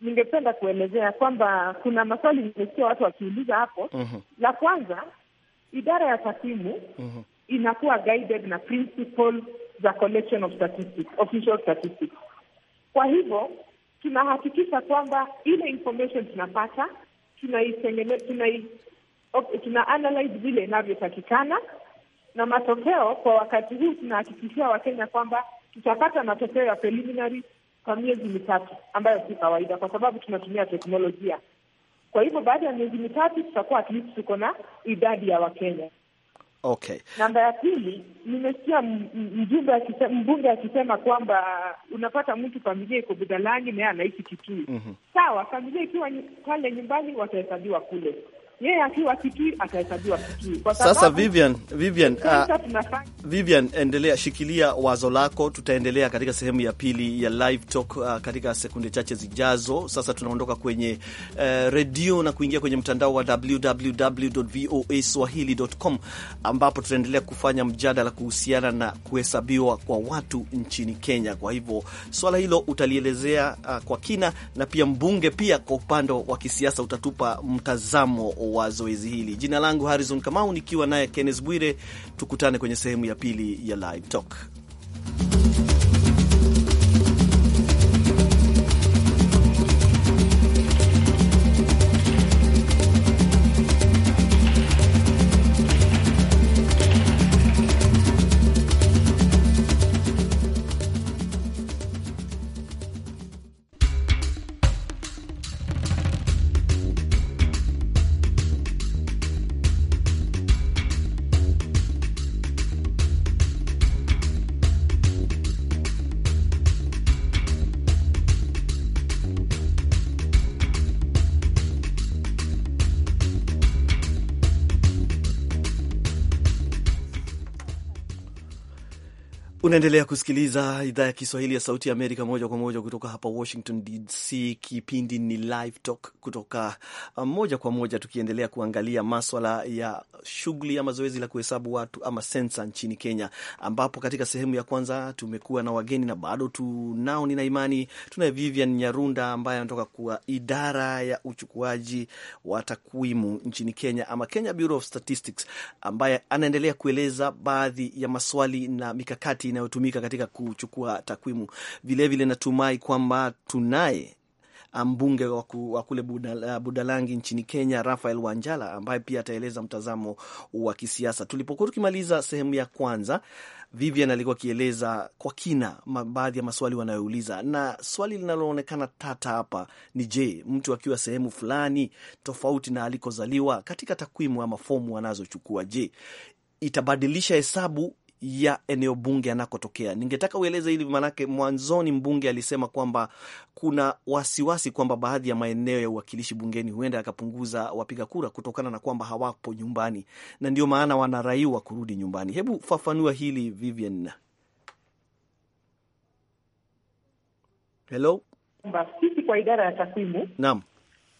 ningependa kuelezea kwamba kuna maswali nimesikia watu wakiuliza hapo. mm -hmm. La kwanza, idara ya takwimu mm -hmm. inakuwa guided na principle za collection of statistics, official statistics. Kwa hivyo tunahakikisha kwamba ile information tunapata tunaitengeneza, tunai, tuna analyze vile inavyotakikana, na matokeo kwa wakati huu tunahakikishia Wakenya kwamba tutapata matokeo ya preliminary kwa miezi mitatu, ambayo si kawaida kwa sababu tunatumia teknolojia. Kwa hivyo baada ya miezi mitatu tutakuwa at least tuko na idadi ya Wakenya. Okay. Namba ya pili, nimesikia mjumbe mbunge akisema kwamba unapata mtu familia iko Budalangi naye anaishi Kitui. mm -hmm. Sawa, familia ikiwa pale nyumbani watahesabiwa kule yeye akiwa atahesabiwa sasa, Vivian, Vivian, uh, Vivian, endelea shikilia wazo lako, tutaendelea katika sehemu ya pili ya live talk uh, katika sekunde chache zijazo. Sasa tunaondoka kwenye uh, redio na kuingia kwenye mtandao wa www.voaswahili.com ambapo tutaendelea kufanya mjadala kuhusiana na kuhesabiwa kwa watu nchini Kenya. Kwa hivyo swala hilo utalielezea uh, kwa kina na pia mbunge pia kwa upande wa kisiasa utatupa mtazamo wa zoezi hili. Jina langu Harrison Kamau, nikiwa naye Kenneth Bwire. Tukutane kwenye sehemu ya pili ya Live Talk. Unaendelea kusikiliza idhaa ya Kiswahili ya Sauti ya Amerika moja kwa moja kutoka hapa Washington DC. Kipindi ni Live Talk kutoka uh, moja kwa moja, tukiendelea kuangalia maswala ya shughuli ama zoezi la kuhesabu watu ama sensa nchini Kenya, ambapo katika sehemu ya kwanza tumekuwa na wageni na bado tunao, nina imani tunaye Vivian Nyarunda ambaye anatoka kwa idara ya uchukuaji wa takwimu nchini Kenya ama Kenya Bureau of Statistics, ambaye anaendelea kueleza baadhi ya maswali na mikakati na inayotumika katika kuchukua takwimu. Vilevile natumai kwamba tunaye mbunge wa kule Budalangi nchini Kenya, Rafael Wanjala, ambaye pia ataeleza mtazamo wa kisiasa. Tulipokuwa tukimaliza sehemu ya kwanza, Vivian alikuwa akieleza kwa kina baadhi ya maswali wanayouliza, na swali linaloonekana tata hapa ni je, mtu akiwa sehemu fulani tofauti na alikozaliwa katika takwimu ama fomu anazochukua, je, itabadilisha hesabu ya eneo bunge anakotokea. Ningetaka ueleze hili, maanake mwanzoni mbunge alisema kwamba kuna wasiwasi kwamba baadhi ya maeneo ya uwakilishi bungeni huenda yakapunguza wapiga kura kutokana na kwamba hawapo nyumbani na ndio maana wanaraiwa kurudi nyumbani. Hebu fafanua hili Vivian. Hello? Sisi kwa idara ya takwimu, naam,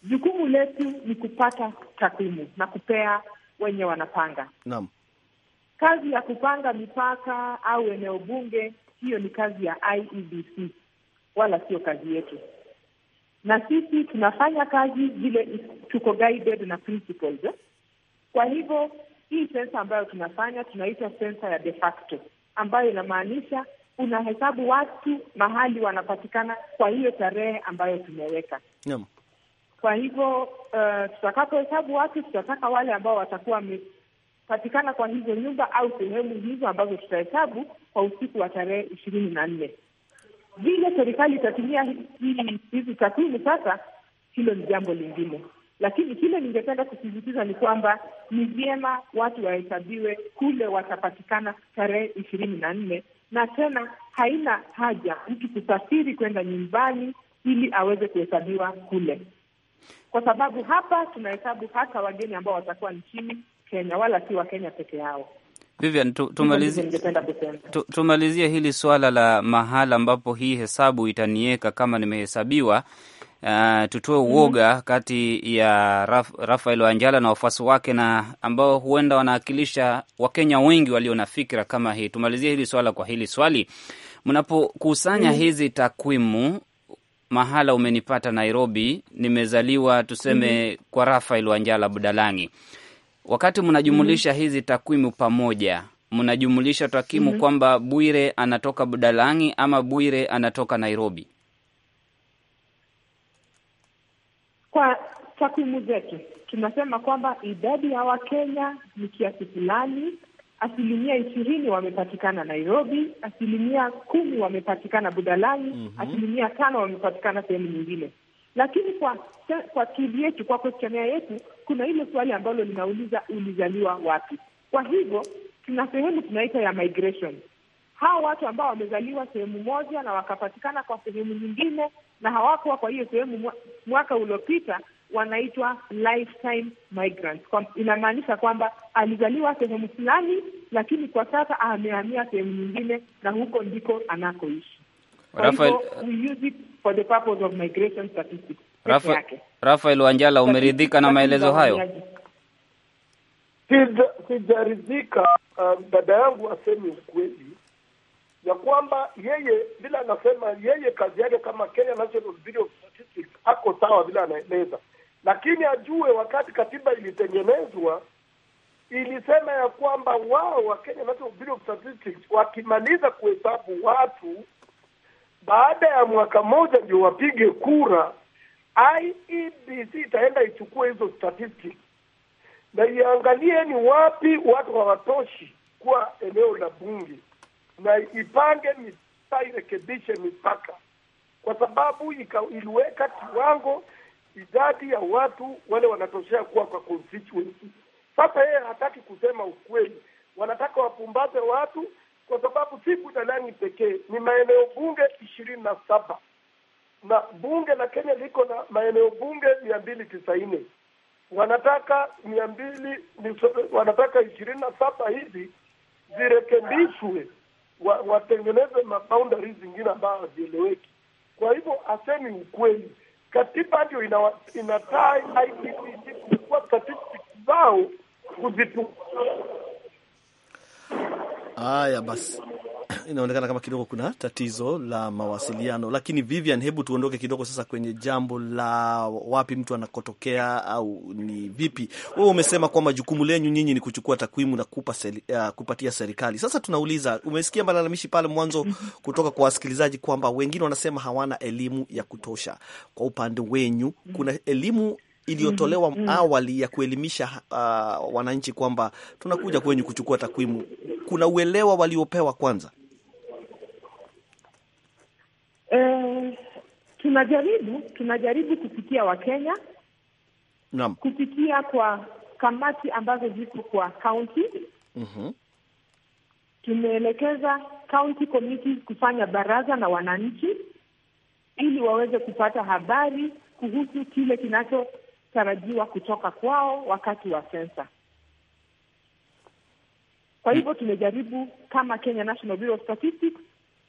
jukumu letu ni kupata takwimu na kupea wenye wanapanga, naam Kazi ya kupanga mipaka au eneo bunge, hiyo ni kazi ya IEBC, wala sio kazi yetu, na sisi tunafanya kazi zile tuko guided na principles eh. Kwa hivyo hii sensa ambayo tunafanya tunaita sensa ya de facto, ambayo inamaanisha unahesabu watu mahali wanapatikana kwa hiyo tarehe ambayo tumeweka yeah. Kwa hivyo uh, tutakapohesabu watu tutataka wale ambao watakuwa kupatikana kwa hizo nyumba au sehemu hizo ambazo tutahesabu kwa usiku wa tarehe ishirini na nne. Vile serikali itatumia hizi takwimu sasa, hilo ni jambo lingine, lakini kile ningependa kusisitiza ni kwamba ni vyema watu wahesabiwe kule watapatikana tarehe ishirini na nne, na tena haina haja mtu kusafiri kwenda nyumbani ili aweze kuhesabiwa kule, kwa sababu hapa tunahesabu hata wageni ambao watakuwa nchini Kenya wala si Wakenya peke yao. Vivian, tumalizie tu, tumalizie hili swala la mahala ambapo hii hesabu itanieka kama nimehesabiwa. Uh, tutoe mhm. uoga mm -hmm. kati ya Raf, Rafael Wanjala na wafuasi wake na ambao huenda wanawakilisha Wakenya wengi walio na fikra kama hii. Tumalizie hili swala kwa hili swali, mnapokusanya mm -hmm. hizi takwimu mahala umenipata Nairobi, nimezaliwa tuseme mm -hmm. kwa Rafael Wanjala Budalangi Wakati mnajumulisha mm -hmm. hizi takwimu pamoja, mnajumulisha takwimu mm -hmm. kwamba Bwire anatoka Budalangi ama Bwire anatoka Nairobi? Kwa takwimu zetu tunasema kwamba idadi ya Wakenya ni kiasi fulani asilimia ishirini wamepatikana Nairobi, asilimia kumi wamepatikana Budalangi, mm -hmm. asilimia tano wamepatikana sehemu nyingine. Lakini kwa kwa yetu kwa questionnaire yetu, kuna ile swali ambalo linauliza ulizaliwa wapi. Kwa hivyo tuna sehemu tunaita ya migration. Hawa watu ambao wamezaliwa sehemu moja na wakapatikana kwa sehemu nyingine na hawakuwa kwa hiyo sehemu mwaka uliopita, wanaitwa lifetime migrants. Kwa, inamaanisha kwamba alizaliwa sehemu fulani, lakini kwa sasa amehamia sehemu nyingine na huko ndiko anakoishi. Rafael... Rafael Wanjala, umeridhika na maelezo hayo? Sijaridhika. Uh, dada yangu aseme ukweli ya kwamba yeye vile anasema yeye kazi yake kama Kenya National Bureau of Statistics ako sawa vile anaeleza, lakini ajue wakati katiba ilitengenezwa ilisema ya kwamba wao wa Kenya National Bureau of Statistics wakimaliza kuhesabu watu baada ya mwaka mmoja ndio wapige kura. IEBC itaenda ichukue hizo statistics na iangalie ni wapi watu hawatoshi kuwa eneo la bunge, na ipange mipaka, irekebishe mipaka, kwa sababu iliweka kiwango idadi ya watu wale wanatoshea kuwa kwa constituency. Sasa yeye hataki kusema ukweli, wanataka wapumbaze watu kwa sababu si Budalangi pekee, ni maeneo bunge ishirini na saba na bunge la Kenya liko na maeneo bunge mia mbili tisaini wanataka mia mbili wanataka ishirini na saba hizi zirekebishwe, wa, watengeneze maboundaries zingine ambayo hazieleweki. Kwa hivyo asemi ukweli, katiba ndio inatai IPPC kuchukua statistics zao kuzitumia Haya basi, <clears throat> inaonekana kama kidogo kuna tatizo la mawasiliano, lakini Vivian, hebu tuondoke kidogo sasa kwenye jambo la wapi mtu anakotokea au ni vipi. Wewe umesema kwamba jukumu lenyu nyinyi ni kuchukua takwimu na kupa seri, uh, kupatia serikali. Sasa tunauliza, umesikia malalamishi pale mwanzo mhm. kutoka kwa wasikilizaji kwamba wengine wanasema hawana elimu ya kutosha. Kwa upande wenyu mhm. kuna elimu iliyotolewa mm -hmm. awali ya kuelimisha uh, wananchi kwamba tunakuja kwenyu kuchukua takwimu, kuna uelewa waliopewa kwanza? E, tunajaribu tunajaribu kupitia Wakenya, naam, kupitia kwa kamati ambazo ziko kwa kaunti mm -hmm. Tumeelekeza county committees kufanya baraza na wananchi ili waweze kupata habari kuhusu kile kinacho tarajiwa kutoka kwao wakati wa sensa. Kwa hivyo tumejaribu kama Kenya National Bureau of Statistics,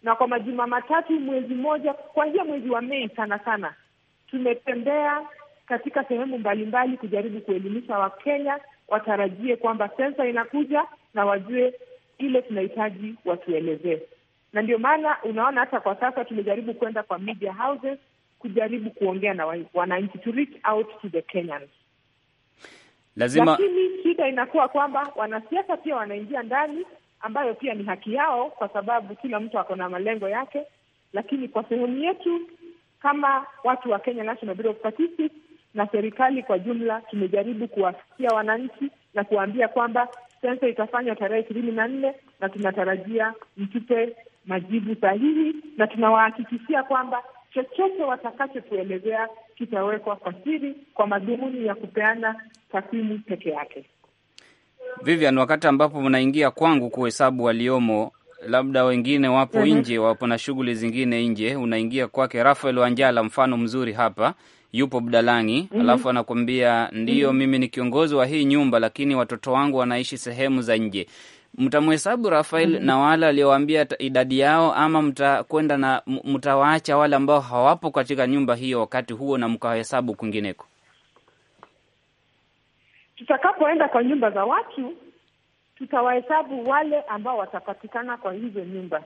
na kwa majuma matatu mwezi mmoja kuanzia mwezi wa Mei sana sana tumetembea katika sehemu mbalimbali kujaribu kuelimisha Wakenya watarajie kwamba sensa inakuja na wajue ile tunahitaji watuelezee, na ndio maana unaona hata kwa sasa tumejaribu kwenda kwa media houses kujaribu kuongea na wananchi to reach out to the Kenyans. Lazima... lakini shida inakuwa kwamba wanasiasa pia wanaingia ndani, ambayo pia ni haki yao, kwa sababu kila mtu ako na malengo yake, lakini kwa sehemu yetu kama watu wa Kenya National Bureau of Statistics na serikali kwa jumla, tumejaribu kuwafikia wananchi na kuwaambia kwamba sensa itafanywa tarehe ishirini na nne na tunatarajia mtupe majibu sahihi, na tunawahakikishia kwamba chochote watakachotuelezea kitawekwa kwa siri kwa madhumuni ya kupeana takwimu peke yake. Vivian, wakati ambapo mnaingia kwangu kuhesabu waliomo, labda wengine wapo mm -hmm. nje, wapo na shughuli zingine nje, unaingia kwake. Rafael Wanjala mfano mzuri hapa, yupo bdalangi mm -hmm. alafu anakuambia ndiyo, mm -hmm. mimi ni kiongozi wa hii nyumba, lakini watoto wangu wanaishi sehemu za nje mtamhesabu Rafael mm -hmm. na wale aliowaambia idadi yao, ama mtakwenda na mtawaacha wale ambao hawapo katika nyumba hiyo wakati huo na mkawahesabu kwingineko? Tutakapoenda kwa nyumba za watu, tutawahesabu wale ambao watapatikana kwa hizo nyumba.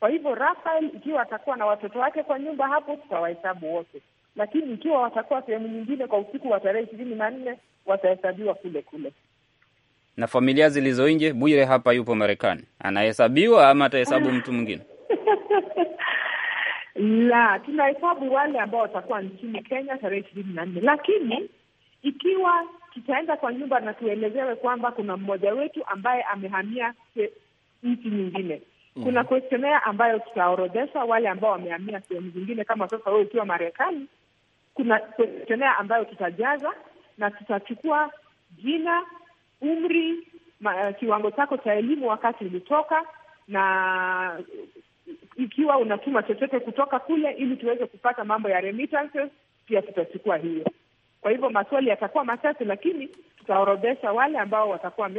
Kwa hivyo Rafael, ikiwa atakuwa na watoto wake kwa nyumba hapo, tutawahesabu wote, lakini ikiwa watakuwa sehemu nyingine kwa usiku wa tarehe ishirini na nne watahesabiwa kule kule na familia zilizo nje. Bwire hapa yupo Marekani, anahesabiwa ama atahesabu mtu mwingine? <laughs> La, tunahesabu wale ambao watakuwa nchini Kenya tarehe ishirini na nne, lakini ikiwa tutaenda kwa nyumba na tuelezewe kwamba kuna mmoja wetu ambaye amehamia nchi nyingine mm. kuna questionnaire ambayo tutaorodhesha wale ambao wamehamia sehemu zingine. Kama sasa wewe ukiwa Marekani, kuna questionnaire ambayo tutajaza na tutachukua jina umri, ma, kiwango chako cha elimu wakati ulitoka, na ikiwa unatuma chochote kutoka kule, ili tuweze kupata mambo ya remittances, pia tutachukua hiyo. Kwa hivyo maswali yatakuwa machache, lakini tutaorodhesha wale ambao watakuwa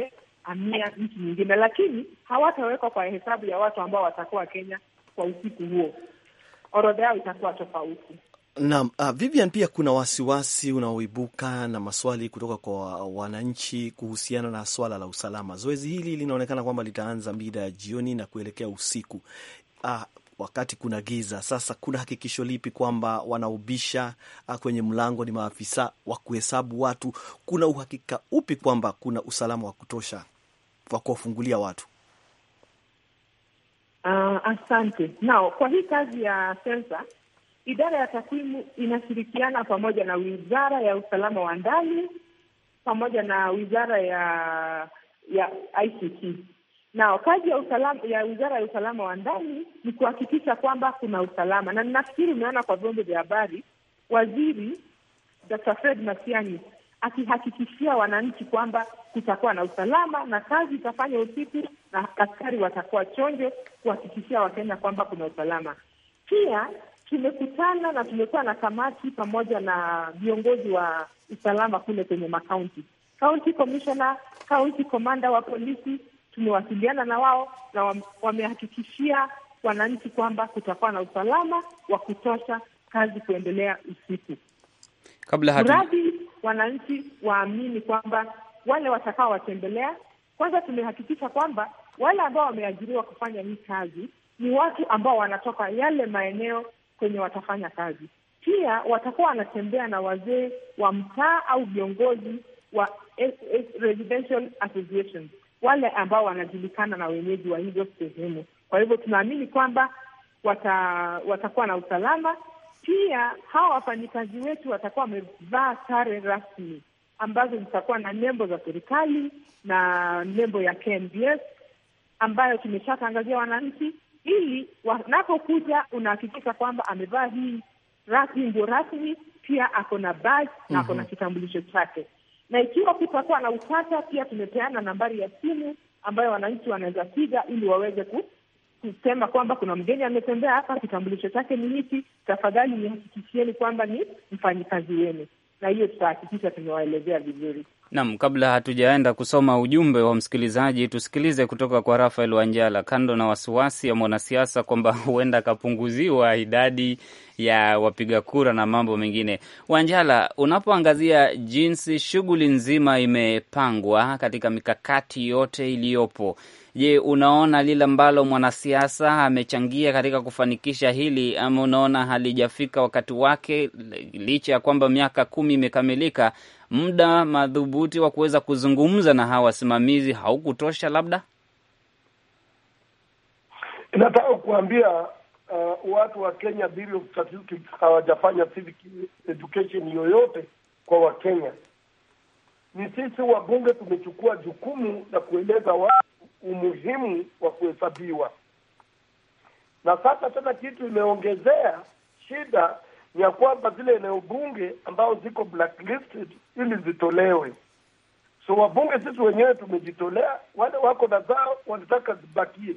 wameamia nchi nyingine, lakini hawatawekwa kwa hesabu ya watu ambao watakuwa Kenya kwa usiku huo. Orodha yao itakuwa tofauti. Naam, uh, Vivian, pia kuna wasiwasi unaoibuka na maswali kutoka kwa wananchi kuhusiana na swala la usalama. Zoezi hili linaonekana kwamba litaanza mida ya jioni na kuelekea usiku, uh, wakati kuna giza. Sasa kuna hakikisho lipi kwamba wanaobisha ah, kwenye mlango ni maafisa wa kuhesabu watu? Kuna uhakika upi kwamba kuna usalama wa kutosha wa kuwafungulia watu? Uh, asante. Nao kwa hii kazi ya sensa idara ya takwimu inashirikiana pamoja na wizara ya usalama wa ndani pamoja na wizara ya ya ICT na kazi ya usalama ya wizara ya usalama wa ndani ni kuhakikisha kwamba kuna usalama, na ninafikiri umeona kwa vyombo vya habari waziri Dr. Fred Masiani akihakikishia wananchi kwamba kutakuwa na usalama na kazi itafanya usiku na askari watakuwa chonjo kuhakikishia Wakenya kwamba kuna usalama. Pia tumekutana na tumekuwa na kamati pamoja na viongozi wa usalama kule kwenye makaunti, kaunti komishona, kaunti komanda wa polisi. Tumewasiliana na wao na wamehakikishia wananchi kwamba kutakuwa na usalama wa kutosha, kazi kuendelea usiku kabla hatu... mradi wananchi waamini kwamba wale watakao watembelea, kwanza tumehakikisha kwamba wale ambao wameajiriwa kufanya hii kazi ni watu ambao wanatoka yale maeneo kwenye watafanya kazi. Pia watakuwa wanatembea na wazee wa mtaa au viongozi wa residential associations, wale ambao wanajulikana na wenyeji wa hizo sehemu. Kwa hivyo tunaamini kwamba wata, watakuwa na usalama. Pia hawa wafanyikazi wetu watakuwa wamevaa sare rasmi ambazo zitakuwa na nembo za serikali na nembo ya KNDS ambayo tumeshatangazia wananchi ili wanapokuja unahakikisha kwamba amevaa hii rasmi, nguo rasmi, pia ako na badge na ako na mhm. kitambulisho chake. Na ikiwa kutakuwa na utata, pia tumepeana nambari ya simu ambayo wananchi wanaweza piga ili waweze ku kusema kwamba kuna mgeni ametembea hapa, kitambulisho chake ni hiki, tafadhali nihakikishieni kwamba ni mfanyikazi wenu, na hiyo tutahakikisha tumewaelezea vizuri. Nam, kabla hatujaenda kusoma ujumbe wa msikilizaji, tusikilize kutoka kwa Rafael Wanjala. Kando na wasiwasi ya mwanasiasa kwamba <laughs> huenda akapunguziwa idadi ya wapiga kura na mambo mengine, Wanjala, unapoangazia jinsi shughuli nzima imepangwa katika mikakati yote iliyopo Je, unaona lile ambalo mwanasiasa amechangia katika kufanikisha hili, ama unaona halijafika wakati wake, licha ya kwamba miaka kumi imekamilika? Muda madhubuti wa kuweza kuzungumza na hawa wasimamizi haukutosha, labda inataka kuambia uh, watu wa Kenya hawajafanya civic education yoyote kwa Wakenya. Ni sisi wabunge tumechukua jukumu la kueleza watu umuhimu wa kuhesabiwa. Na sasa tena kitu imeongezea shida ni ya kwamba zile eneo bunge ambao ziko blacklisted ili zitolewe. So wabunge sisi wenyewe tumejitolea, wale wako na zao wanataka zibakie,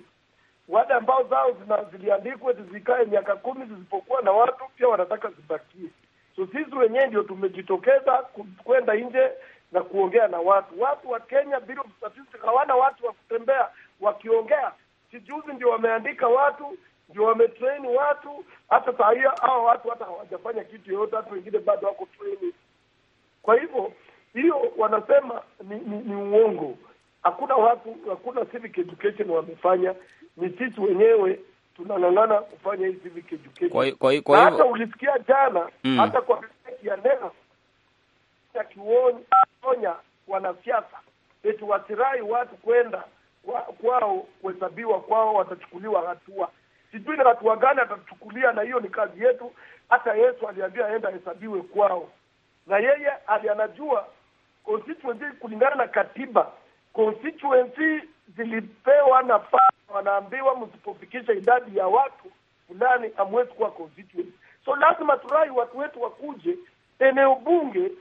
wale ambao zao ziliandikwa zikae miaka kumi zisipokuwa na watu pia wanataka zibakie. So sisi wenyewe ndio tumejitokeza kwenda nje na kuongea na watu. Watu wa Kenya Bureau of Statistics hawana watu wa kutembea wakiongea. Sijuzi ndio wameandika watu, ndio wametraini watu. Hata saa hiyo hao watu hata hawajafanya kitu yoyote, hata wengine bado wako training. Kwa hivyo hiyo wanasema ni, ni, ni uongo. Hakuna watu, hakuna civic education wamefanya, ni sisi wenyewe tunang'ang'ana kufanya hii civic education. Kwa hivyo hata jana mm, hata kwa ya neno akionya wanasiasa eti wasirai watu kwenda kwao kuhesabiwa kwao, watachukuliwa hatua. Sijui ni hatua gani atachukulia, na hiyo ni kazi yetu. Hata Yesu aliambia aenda ahesabiwe kwao, na yeye alianajua anajua constituency. Kulingana na katiba, constituency zilipewa nafasi, wanaambiwa msipofikisha idadi ya watu fulani hamwezi kuwa constituency. So lazima turai watu wetu wakuje eneo bunge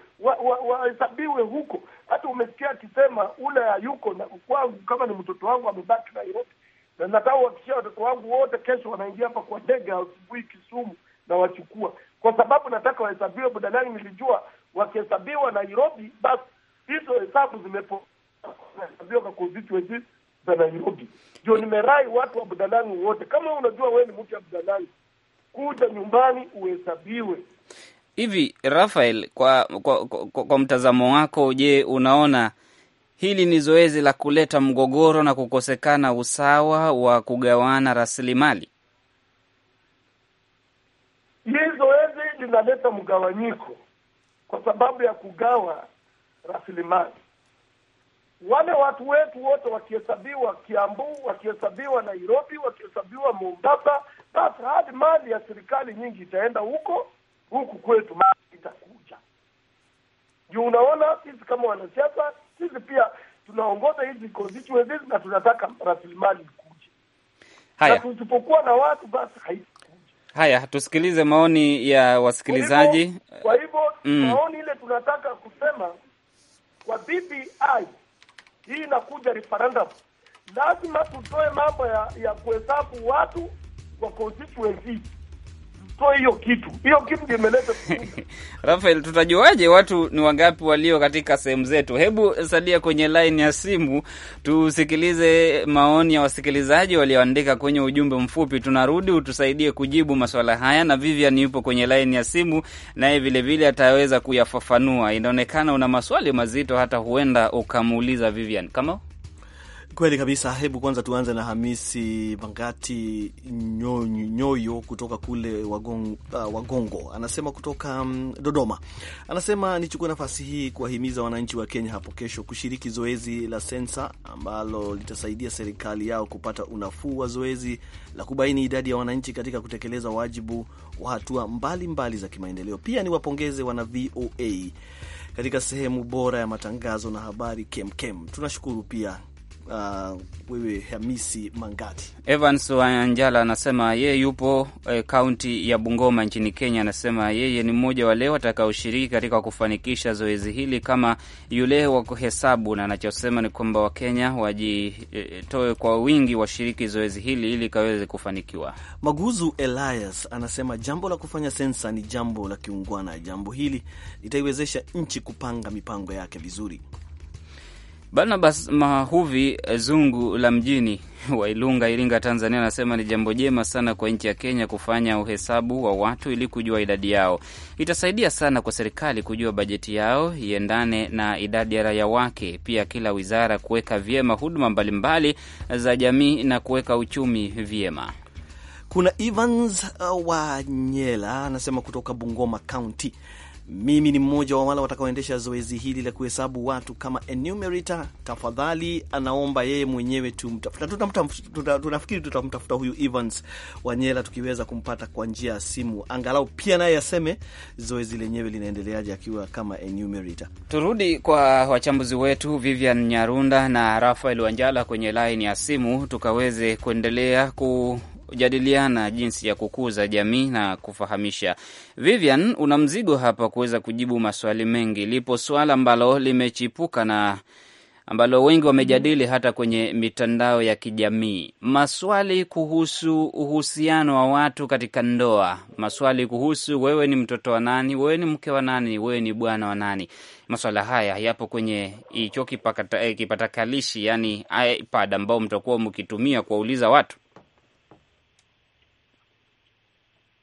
wahesabiwe wa, wa, huko. Hata umesikia akisema ule hayuko kwangu, kama ni mtoto wangu amebaki Nairobi, na nataka uhakikishia watoto wangu wote kesho wanaingia hapa kwa ndege asubuhi Kisumu na wachukua, kwa sababu nataka wahesabiwe Budalani. Nilijua wakihesabiwa Nairobi, basi hizo hesabu zimehesabiwa kwa za Nairobi. Ndio nimerai watu wa Budalani wote, kama unajua wewe ni mtu wa Budalani, kuja nyumbani uhesabiwe. Hivi Rafael, kwa, kwa, kwa, kwa mtazamo wako, je, unaona hili ni zoezi la kuleta mgogoro na kukosekana usawa wa kugawana rasilimali? Hili zoezi linaleta mgawanyiko kwa sababu ya kugawa rasilimali. Wale watu wetu wote wakihesabiwa Kiambu, wakihesabiwa Nairobi, wakihesabiwa Mombasa, basi hadi mali ya serikali nyingi itaenda huko huku kwetu itakuja juu. Unaona, sisi kama wanasiasa, sisi pia tunaongoza hizi constituencies na tunataka rasilimali ikuje, na tusipokuwa na watu basi haitakuja. Haya, tusikilize maoni ya wasikilizaji. Kwa hivyo mm, maoni ile tunataka kusema kwa BBI hii inakuja referendum, lazima tutoe mambo ya, ya kuhesabu watu wa constituencies so hiyo kitu hiyo kitu imeleta <laughs> Rafael, tutajuaje watu ni wangapi walio katika sehemu zetu? Hebu salia kwenye line ya simu tusikilize maoni ya wasikilizaji walioandika kwenye ujumbe mfupi. Tunarudi utusaidie kujibu maswala haya, na Vivian yupo kwenye line ya simu, naye vilevile ataweza kuyafafanua. Inaonekana una maswali mazito, hata huenda ukamuuliza Vivian kama Kweli kabisa. Hebu kwanza tuanze na Hamisi Bangati Nyoyo, Nyoyo kutoka kule Wagongo, uh, Wagongo anasema kutoka um, Dodoma anasema nichukue nafasi hii kuwahimiza wananchi wa Kenya hapo kesho kushiriki zoezi la sensa ambalo litasaidia serikali yao kupata unafuu wa zoezi la kubaini idadi ya wananchi katika kutekeleza wajibu wa hatua mbalimbali za kimaendeleo. Pia niwapongeze wana VOA katika sehemu bora ya matangazo na habari kemkem. Tunashukuru pia uh, wewe Hamisi Mangati. Evans Wanjala anasema yeye yupo eh, kaunti eh, ya Bungoma nchini Kenya. Anasema yeye ni mmoja wa leo atakaoshiriki katika kufanikisha zoezi hili kama yule wa kuhesabu, na anachosema ni kwamba Wakenya wajitoe eh, kwa wingi washiriki zoezi hili ili kaweze kufanikiwa. Maguzu Elias anasema jambo la kufanya sensa ni jambo la kiungwana. Jambo hili litaiwezesha nchi kupanga mipango yake vizuri. Barnabas Mahuvi eh, zungu la mjini <laughs> wa Ilunga, Iringa, Tanzania, anasema ni jambo jema sana kwa nchi ya Kenya kufanya uhesabu wa watu ili kujua idadi yao. Itasaidia sana kwa serikali kujua bajeti yao iendane na idadi ya raia wake, pia kila wizara kuweka vyema huduma mbalimbali eh, za jamii na kuweka uchumi vyema. Kuna Evans eh, Wanyela anasema kutoka Bungoma County mimi ni mmoja wa wale watakaoendesha zoezi hili la kuhesabu watu kama enumerator. Tafadhali anaomba yeye mwenyewe tumtafuta, tuta, tunafikiri tutamtafuta huyu Evans Wanyela tukiweza kumpata kwa njia ya simu, angalau pia naye aseme zoezi lenyewe linaendeleaje akiwa kama enumerator. Turudi kwa wachambuzi wetu Vivian Nyarunda na Rafael Wanjala kwenye laini ya simu tukaweze kuendelea ku kujadiliana jinsi ya kukuza jamii na kufahamisha. Vivian, una mzigo hapa kuweza kujibu maswali mengi. Lipo swala ambalo limechipuka na ambalo wengi wamejadili hata kwenye mitandao ya kijamii, maswali kuhusu uhusiano wa watu katika ndoa, maswali kuhusu wewe ni mtoto wa nani, wewe ni mke wa nani, wewe ni bwana wa nani. Maswala haya yapo kwenye hicho eh, kipatakalishi, yani iPad ambao mtakuwa mkitumia kuwauliza watu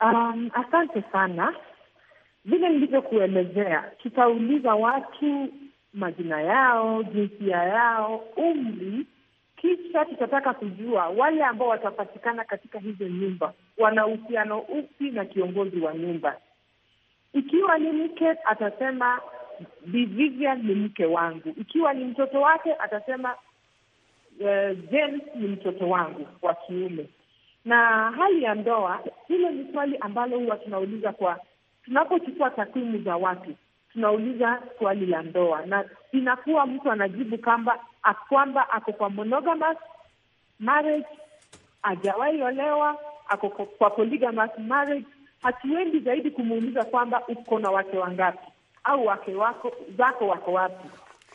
Um, asante sana. Vile nilivyokuelezea, tutauliza watu majina yao, jinsia yao, umri, kisha tutataka kujua wale ambao watapatikana katika hizo nyumba wana uhusiano upi na kiongozi wa nyumba. Ikiwa ni mke atasema Bi Vivian ni mke wangu. Ikiwa ni mtoto wake atasema uh, James ni mtoto wangu wa kiume. Na hali ya ndoa, hilo ni swali ambalo huwa tunauliza kwa, tunapochukua takwimu za watu tunauliza swali la ndoa, na inakuwa mtu anajibu kwamba kwamba ako kwa monogamous marriage, olewa, ako kwa polygamous marriage. Hatuendi zaidi kumuuliza kwamba uko na wake wangapi au wake wako zako wako wapi.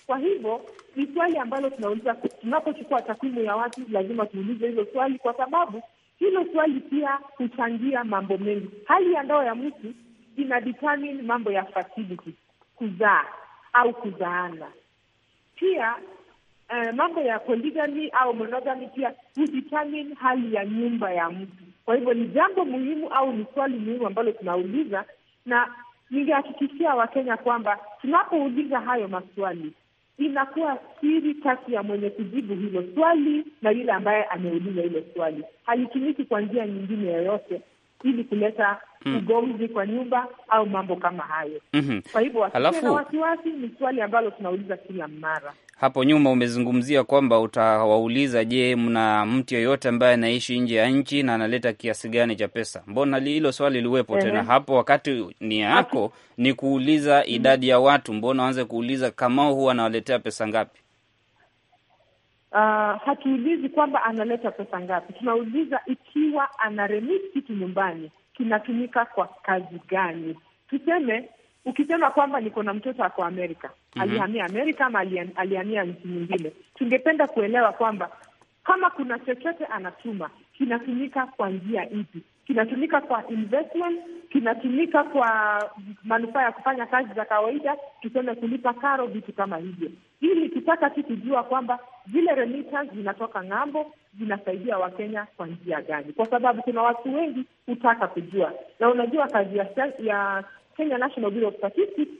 Kwa hivyo ni swali ambalo tunauliza tunapochukua takwimu ya watu, lazima tuulize hilo swali, kwa sababu hilo swali pia huchangia mambo mengi. Hali ya ndoa ya mtu ina determine mambo ya fertility, kuzaa au kuzaana. Pia uh, mambo ya polygamy au monogamy pia hudetermine hali ya nyumba ya mtu. Kwa hivyo ni jambo muhimu au ni swali muhimu ambalo tunauliza, na ningehakikishia Wakenya kwamba tunapouliza hayo maswali inakuwa siri kati ya mwenye kujibu hilo swali na yule ambaye ameuliza hilo swali. Halitumiki kwa njia nyingine yoyote ili kuleta mm. ugomvi kwa nyumba au mambo kama hayo. mm -hmm. Kwa hivyo wasiwe na wasiwasi, ni swali ambalo tunauliza kila mara hapo nyuma umezungumzia kwamba utawauliza, je, mna mtu yeyote ambaye anaishi nje ya nchi na analeta kiasi gani cha pesa? Mbona hilo swali liwepo mm -hmm. tena hapo wakati ni yako ni kuuliza mm-hmm. idadi ya watu, mbona waanze kuuliza Kamau huwa anawaletea pesa ngapi? Uh, ah, hatuulizi kwamba analeta pesa ngapi, tunauliza ikiwa ana kitu nyumbani kinatumika kwa kazi gani. Tuseme ukisema kwamba niko na mtoto ako Amerika, mhm. alihamia Amerika ama alihamia nchi nyingine, tungependa kuelewa kwamba kama kuna chochote anatuma kinatumika kwa njia ipi? Kinatumika kwa investment, kinatumika kwa manufaa ya kufanya kazi za kawaida, tuseme kulipa karo, vitu kama hivyo, ili kitaka tu kujua kwamba zile remittance zinatoka ng'ambo zinasaidia Wakenya kwa njia gani, kwa sababu kuna watu wengi hutaka kujua. Na unajua kazi ya, ya Kenya National Bureau of Statistics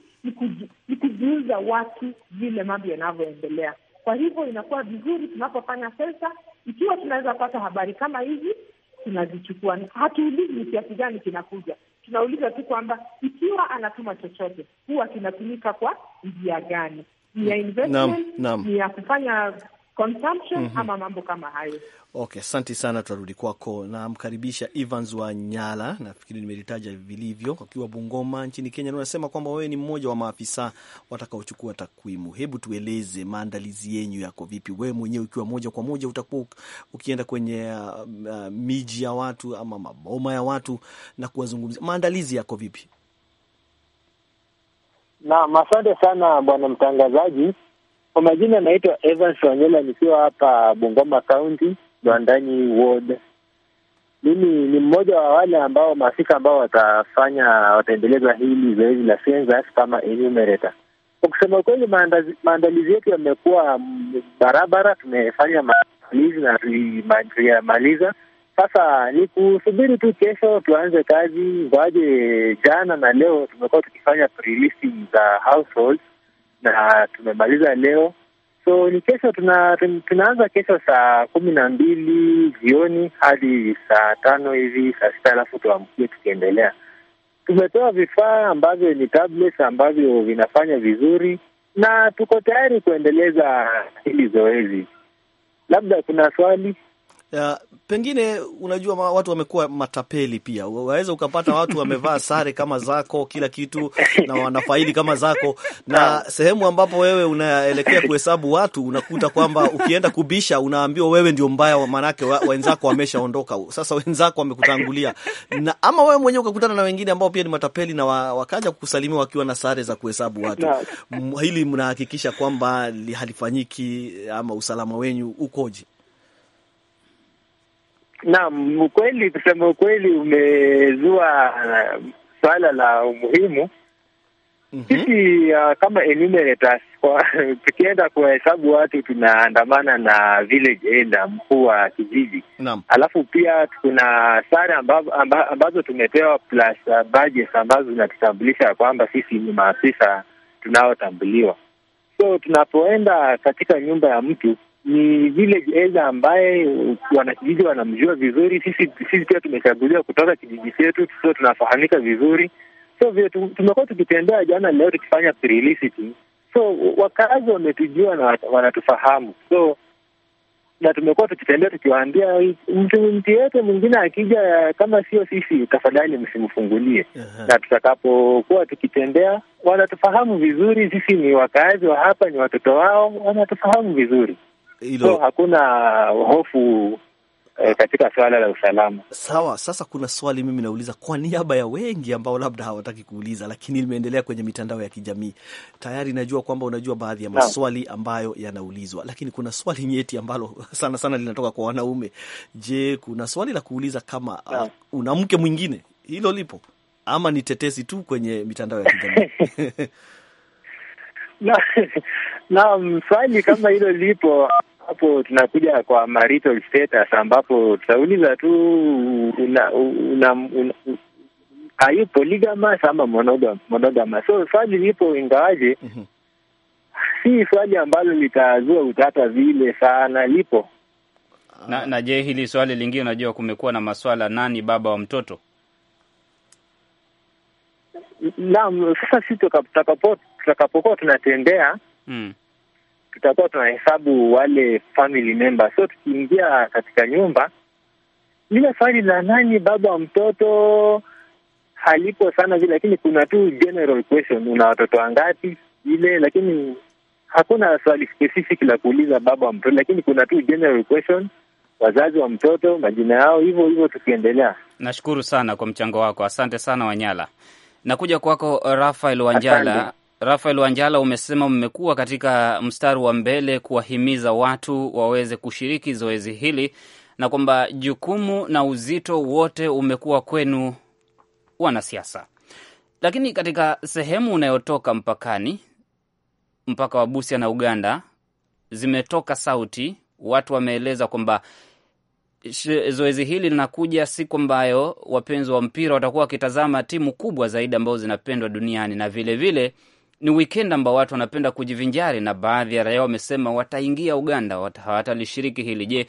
ni kujuza watu vile mambo yanavyoendelea. Kwa hivyo inakuwa vizuri tunapofanya sensa, ikiwa tunaweza pata habari kama hizi tunazichukua. Hatuulizi ni kiasi gani kinakuja, tunauliza tu kwamba ikiwa anatuma chochote huwa kinatumika kwa njia gani, ni ya investment, ni ya kufanya consumption mm -hmm. ama mambo kama hayo. Okay, asante sana, tutarudi kwako. Namkaribisha Evans nyala nafikiri nimelitaja vilivyo, akiwa Bungoma nchini Kenya. Unasema kwamba wewe ni mmoja wa maafisa watakaochukua takwimu. Hebu tueleze maandalizi yenyu yako vipi, wewe mwenyewe ukiwa moja kwa moja utakuwa ukienda kwenye uh, uh, miji ya watu ama maboma ya watu na kuwazungumzia, maandalizi yako vipi? Naam, asante sana bwana mtangazaji. Kwa majina anaitwa Evans Wanyela, nikiwa hapa Bungoma County, Ndwandani Ward. Mimi ni mmoja wa wale ambao maafika ambao watafanya wataendeleza hili zoezi la sensa kama enumerator. Kwa kusema kweli, maandalizi yetu yamekuwa barabara, tumefanya maandalizi na tuyamaliza. Sasa ni kusubiri tu kesho tuanze kazi, ingawaje jana na leo tumekuwa tukifanya pre-listing za households na tumemaliza leo, so ni kesho tuna, tunaanza kesho saa kumi na mbili jioni hadi saa tano hivi saa sita, alafu tuamkie tukiendelea. Tumepewa vifaa ambavyo ni tablets ambavyo vinafanya vizuri na tuko tayari kuendeleza hili zoezi. Labda kuna swali Uh, pengine unajua ma, watu wamekuwa matapeli pia. Waweza ukapata watu wamevaa <laughs> sare kama zako kila kitu na wanafaili kama zako, <laughs> na sehemu ambapo wewe unaelekea kuhesabu watu unakuta kwamba ukienda kubisha unaambiwa wewe ndio mbaya, maanake wenzako wameshaondoka, sasa wenzako wamekutangulia, na ama wewe mwenyewe ukakutana na wengine ambao pia ni matapeli na wakaja kukusalimia wakiwa na sare za kuhesabu watu. Hili mnahakikisha kwamba halifanyiki ama usalama wenyu ukoje? Naam, ukweli, kusema ukweli, umezua uh, swala la umuhimu mhm. sisi mm -hmm. Uh, kama enumerators <laughs> kwa tukienda kuwahesabu watu tunaandamana na village eh, na mkuu wa kijiji naam. Alafu pia kuna sare ambazo, ambazo tumepewa plus uh, badges ambazo zinatutambulisha kwamba sisi ni maafisa tunaotambuliwa. So tunapoenda katika nyumba ya mtu ni village elder ambaye wanakijiji wanamjua vizuri. Sisi sisi pia tumechaguliwa kutoka kijiji chetu, so tunafahamika vizuri. So vile tumekuwa tukitembea jana leo tukifanya publicity, so wakazi wametujua na wanatufahamu so na tumekuwa tukitembea tukiwaambia mtu mtu yeyote mwingine akija, kama sio sisi, tafadhali msimfungulie. Na tutakapokuwa tukitembea, wanatufahamu vizuri. Sisi ni wakazi wa hapa, ni watoto wao, wanatufahamu vizuri hilo so, hakuna hofu eh, katika swala la usalama. Sawa, sasa kuna swali mimi nauliza kwa niaba ya wengi ambao labda hawataki kuuliza, lakini limeendelea kwenye mitandao ya kijamii tayari. Najua kwamba unajua baadhi ya maswali ambayo yanaulizwa, lakini kuna swali nyeti ambalo <laughs> sana sana linatoka kwa wanaume. Je, kuna swali la kuuliza kama uh, una mke mwingine? Hilo lipo ama ni tetesi tu kwenye mitandao ya kijamii? <laughs> <laughs> Naam, swali kama hilo lipo hapo, tunakuja kwa marital status, ambapo tutauliza tu una, una, una, are you polygamous ama monogamous? So swali lipo ingawaje, mm -hmm. si swali ambalo litazua utata vile sana, lipo na, na je, hili swali lingine, unajua kumekuwa na maswala nani baba wa mtoto Naam, sasa sisi tutakapokuwa tunatembea mm tutakuwa tunahesabu wale family members. So tukiingia katika nyumba, lile swali la nani baba wa mtoto halipo sana vile, lakini kuna tu general question, una watoto wangapi ile, lakini hakuna swali specific la kuuliza baba wa mtoto, lakini kuna tu general question, wazazi wa mtoto, majina yao, hivyo hivyo tukiendelea. Nashukuru sana kwa mchango wako, asante sana Wanyala. Nakuja kwako Rafael Wanjala. Asante. Rafael Wanjala, umesema mmekuwa katika mstari wa mbele kuwahimiza watu waweze kushiriki zoezi hili na kwamba jukumu na uzito wote umekuwa kwenu wanasiasa. Lakini katika sehemu unayotoka mpakani, mpaka wa Busia na Uganda, zimetoka sauti, watu wameeleza kwamba zoezi hili linakuja siku ambayo wapenzi wa mpira watakuwa wakitazama timu kubwa zaidi ambazo zinapendwa duniani na vilevile vile, ni wikend ambao watu wanapenda kujivinjari, na baadhi ya raia wamesema wataingia Uganda, hawatalishiriki hili. Je,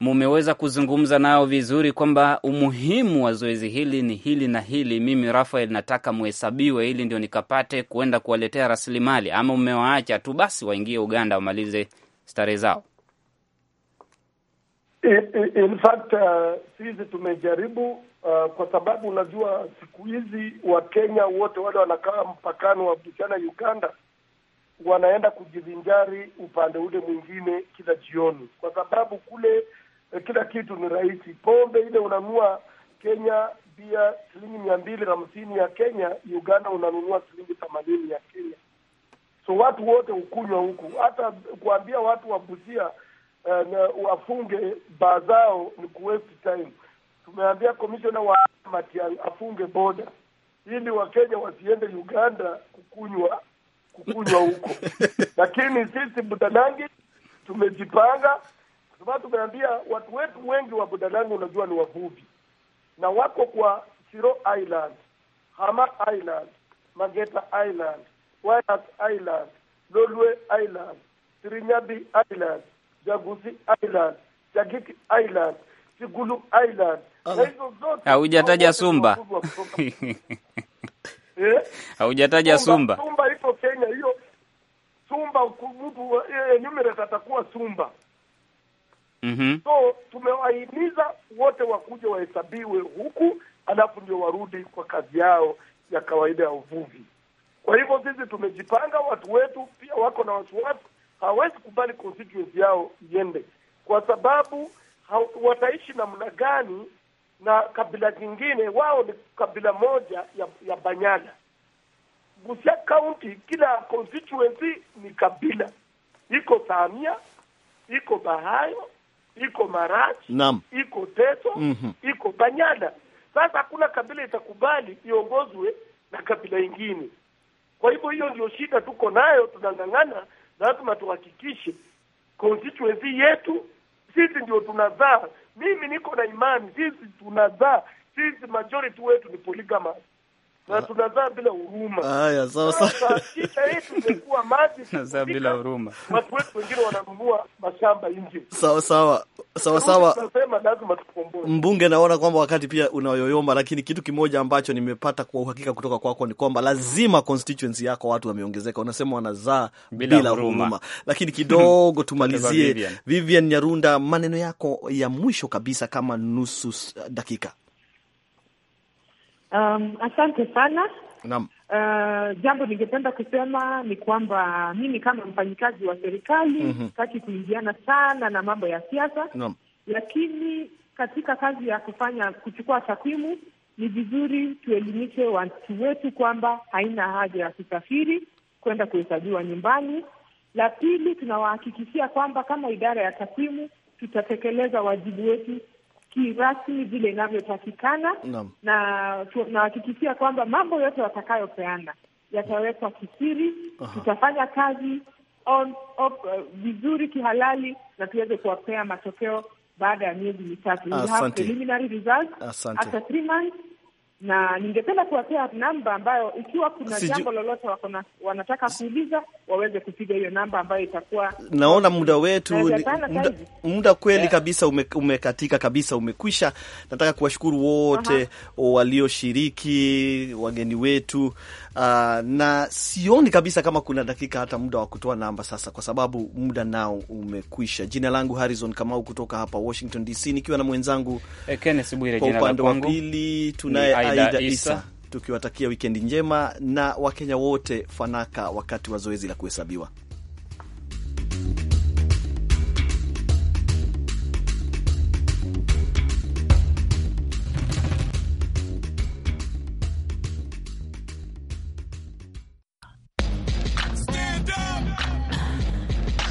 mumeweza kuzungumza nao vizuri kwamba umuhimu wa zoezi hili ni hili na hili, mimi Rafael nataka muhesabiwe ili ndio nikapate kuenda kuwaletea rasilimali, ama mmewaacha tu basi waingie Uganda wamalize starehe zao? In fact, uh, sisi tumejaribu uh, kwa sababu unajua siku hizi Wakenya wote wale wanakaa mpakani wa Buchana Uganda wanaenda kujivinjari upande ule mwingine kila jioni, kwa sababu kule eh, kila kitu ni rahisi. Pombe ile unanunua Kenya bia shilingi mia mbili hamsini ya Kenya, Uganda unanunua shilingi themanini ya Kenya. So watu wote hukunywa huku, hata kuambia watu wa Busia eh, wafunge baa zao ni ku time tumeambia komishona wa amati afunge boda ili Wakenya wasiende Uganda kukunywa kukunywa huko <laughs> lakini sisi Budalangi tumejipanga kwa sababu tumeambia watu wetu wengi wa Budalangi, unajua ni wavuvi na wako kwa Shiro Island, Hama Island, Mageta Island, Wayas Island, Lolwe Island, Sirinyabi Island, Jagusi Island, Jagiti Island Sigulu Island ah. hizo zote. Haujataja Sumba, <laughs> eh? haujataja Sumba. Sumba iko Kenya hiyo. Sumba mtu eh, eh, numerate atakuwa Sumba. Mm -hmm. So tumewahimiza wote wakuja wahesabiwe huku, alafu ndio warudi kwa kazi yao ya kawaida ya uvuvi. Kwa hivyo sisi tumejipanga, watu wetu pia wako na wasiwasi, hawawezi kubali constituency yao iende, kwa sababu wataishi namna gani na kabila zingine? Wao ni kabila moja ya, ya Banyala. Busia County, kila constituency ni kabila, iko Samia, iko Bahayo, iko Marachi, iko Teso, mm -hmm. iko Banyala. Sasa hakuna kabila itakubali iongozwe na kabila ingine. Kwa hivyo hiyo ndio shida tuko nayo, tunang'ang'ana lazima tuhakikishe constituency yetu sisi ndio tunazaa. Mimi niko na imani sisi tunazaa, sisi majority wetu ni polygamous na ah. tunazaa bila huruma. Haya, sawa sawa, hakika yetu imekuwa maji, <laughs> tunazaa bila huruma. Watu wetu wengine wananunua mashamba nje. Sawa sawa, sawa sawa, Mbunge, naona kwamba wakati pia unayoyomba, lakini kitu kimoja ambacho nimepata kwa uhakika kutoka kwako kwa ni kwamba lazima constituency yako watu wameongezeka. Unasema wanazaa bila, bila huruma, lakini kidogo <laughs> tumalizie Vivian Nyarunda, maneno yako ya mwisho kabisa, kama nusu dakika. Um, asante sana. Naam. Uh, jambo ningependa kusema ni kwamba mimi kama mfanyikazi wa serikali mm -hmm. sitaki kuingiana sana na mambo ya siasa. Naam. Lakini katika kazi ya kufanya kuchukua takwimu ni vizuri tuelimishe watu wetu kwamba haina haja ya kusafiri kwenda kuhesabiwa nyumbani. La pili, tunawahakikishia kwamba kama idara ya takwimu tutatekeleza wajibu wetu kirasmi vile inavyotakikana, na tunahakikishia kwamba mambo yote watakayopeana yatawekwa kisiri. Aha. Tutafanya kazi on, op, uh, vizuri kihalali na tuweze kuwapea matokeo baada ya miezi mitatu na ningependa kuwapea namba ambayo ikiwa kuna Siju... jambo lolote wanataka kuuliza waweze kupiga hiyo namba ambayo itakuwa. Naona muda wetu muda, muda kweli yeah, kabisa ume, umekatika kabisa, umekwisha. Nataka kuwashukuru wote walioshiriki, wageni wetu uh, na sioni kabisa kama kuna dakika hata muda wa kutoa namba sasa, kwa sababu muda nao umekwisha. Jina langu Harrison Kamau kutoka hapa Washington DC, nikiwa na mwenzangu eh, Kenneth Bwire kwa upande wa pili, tunaye Aida Isa tukiwatakia wikendi njema na Wakenya wote fanaka wakati wa zoezi la kuhesabiwa.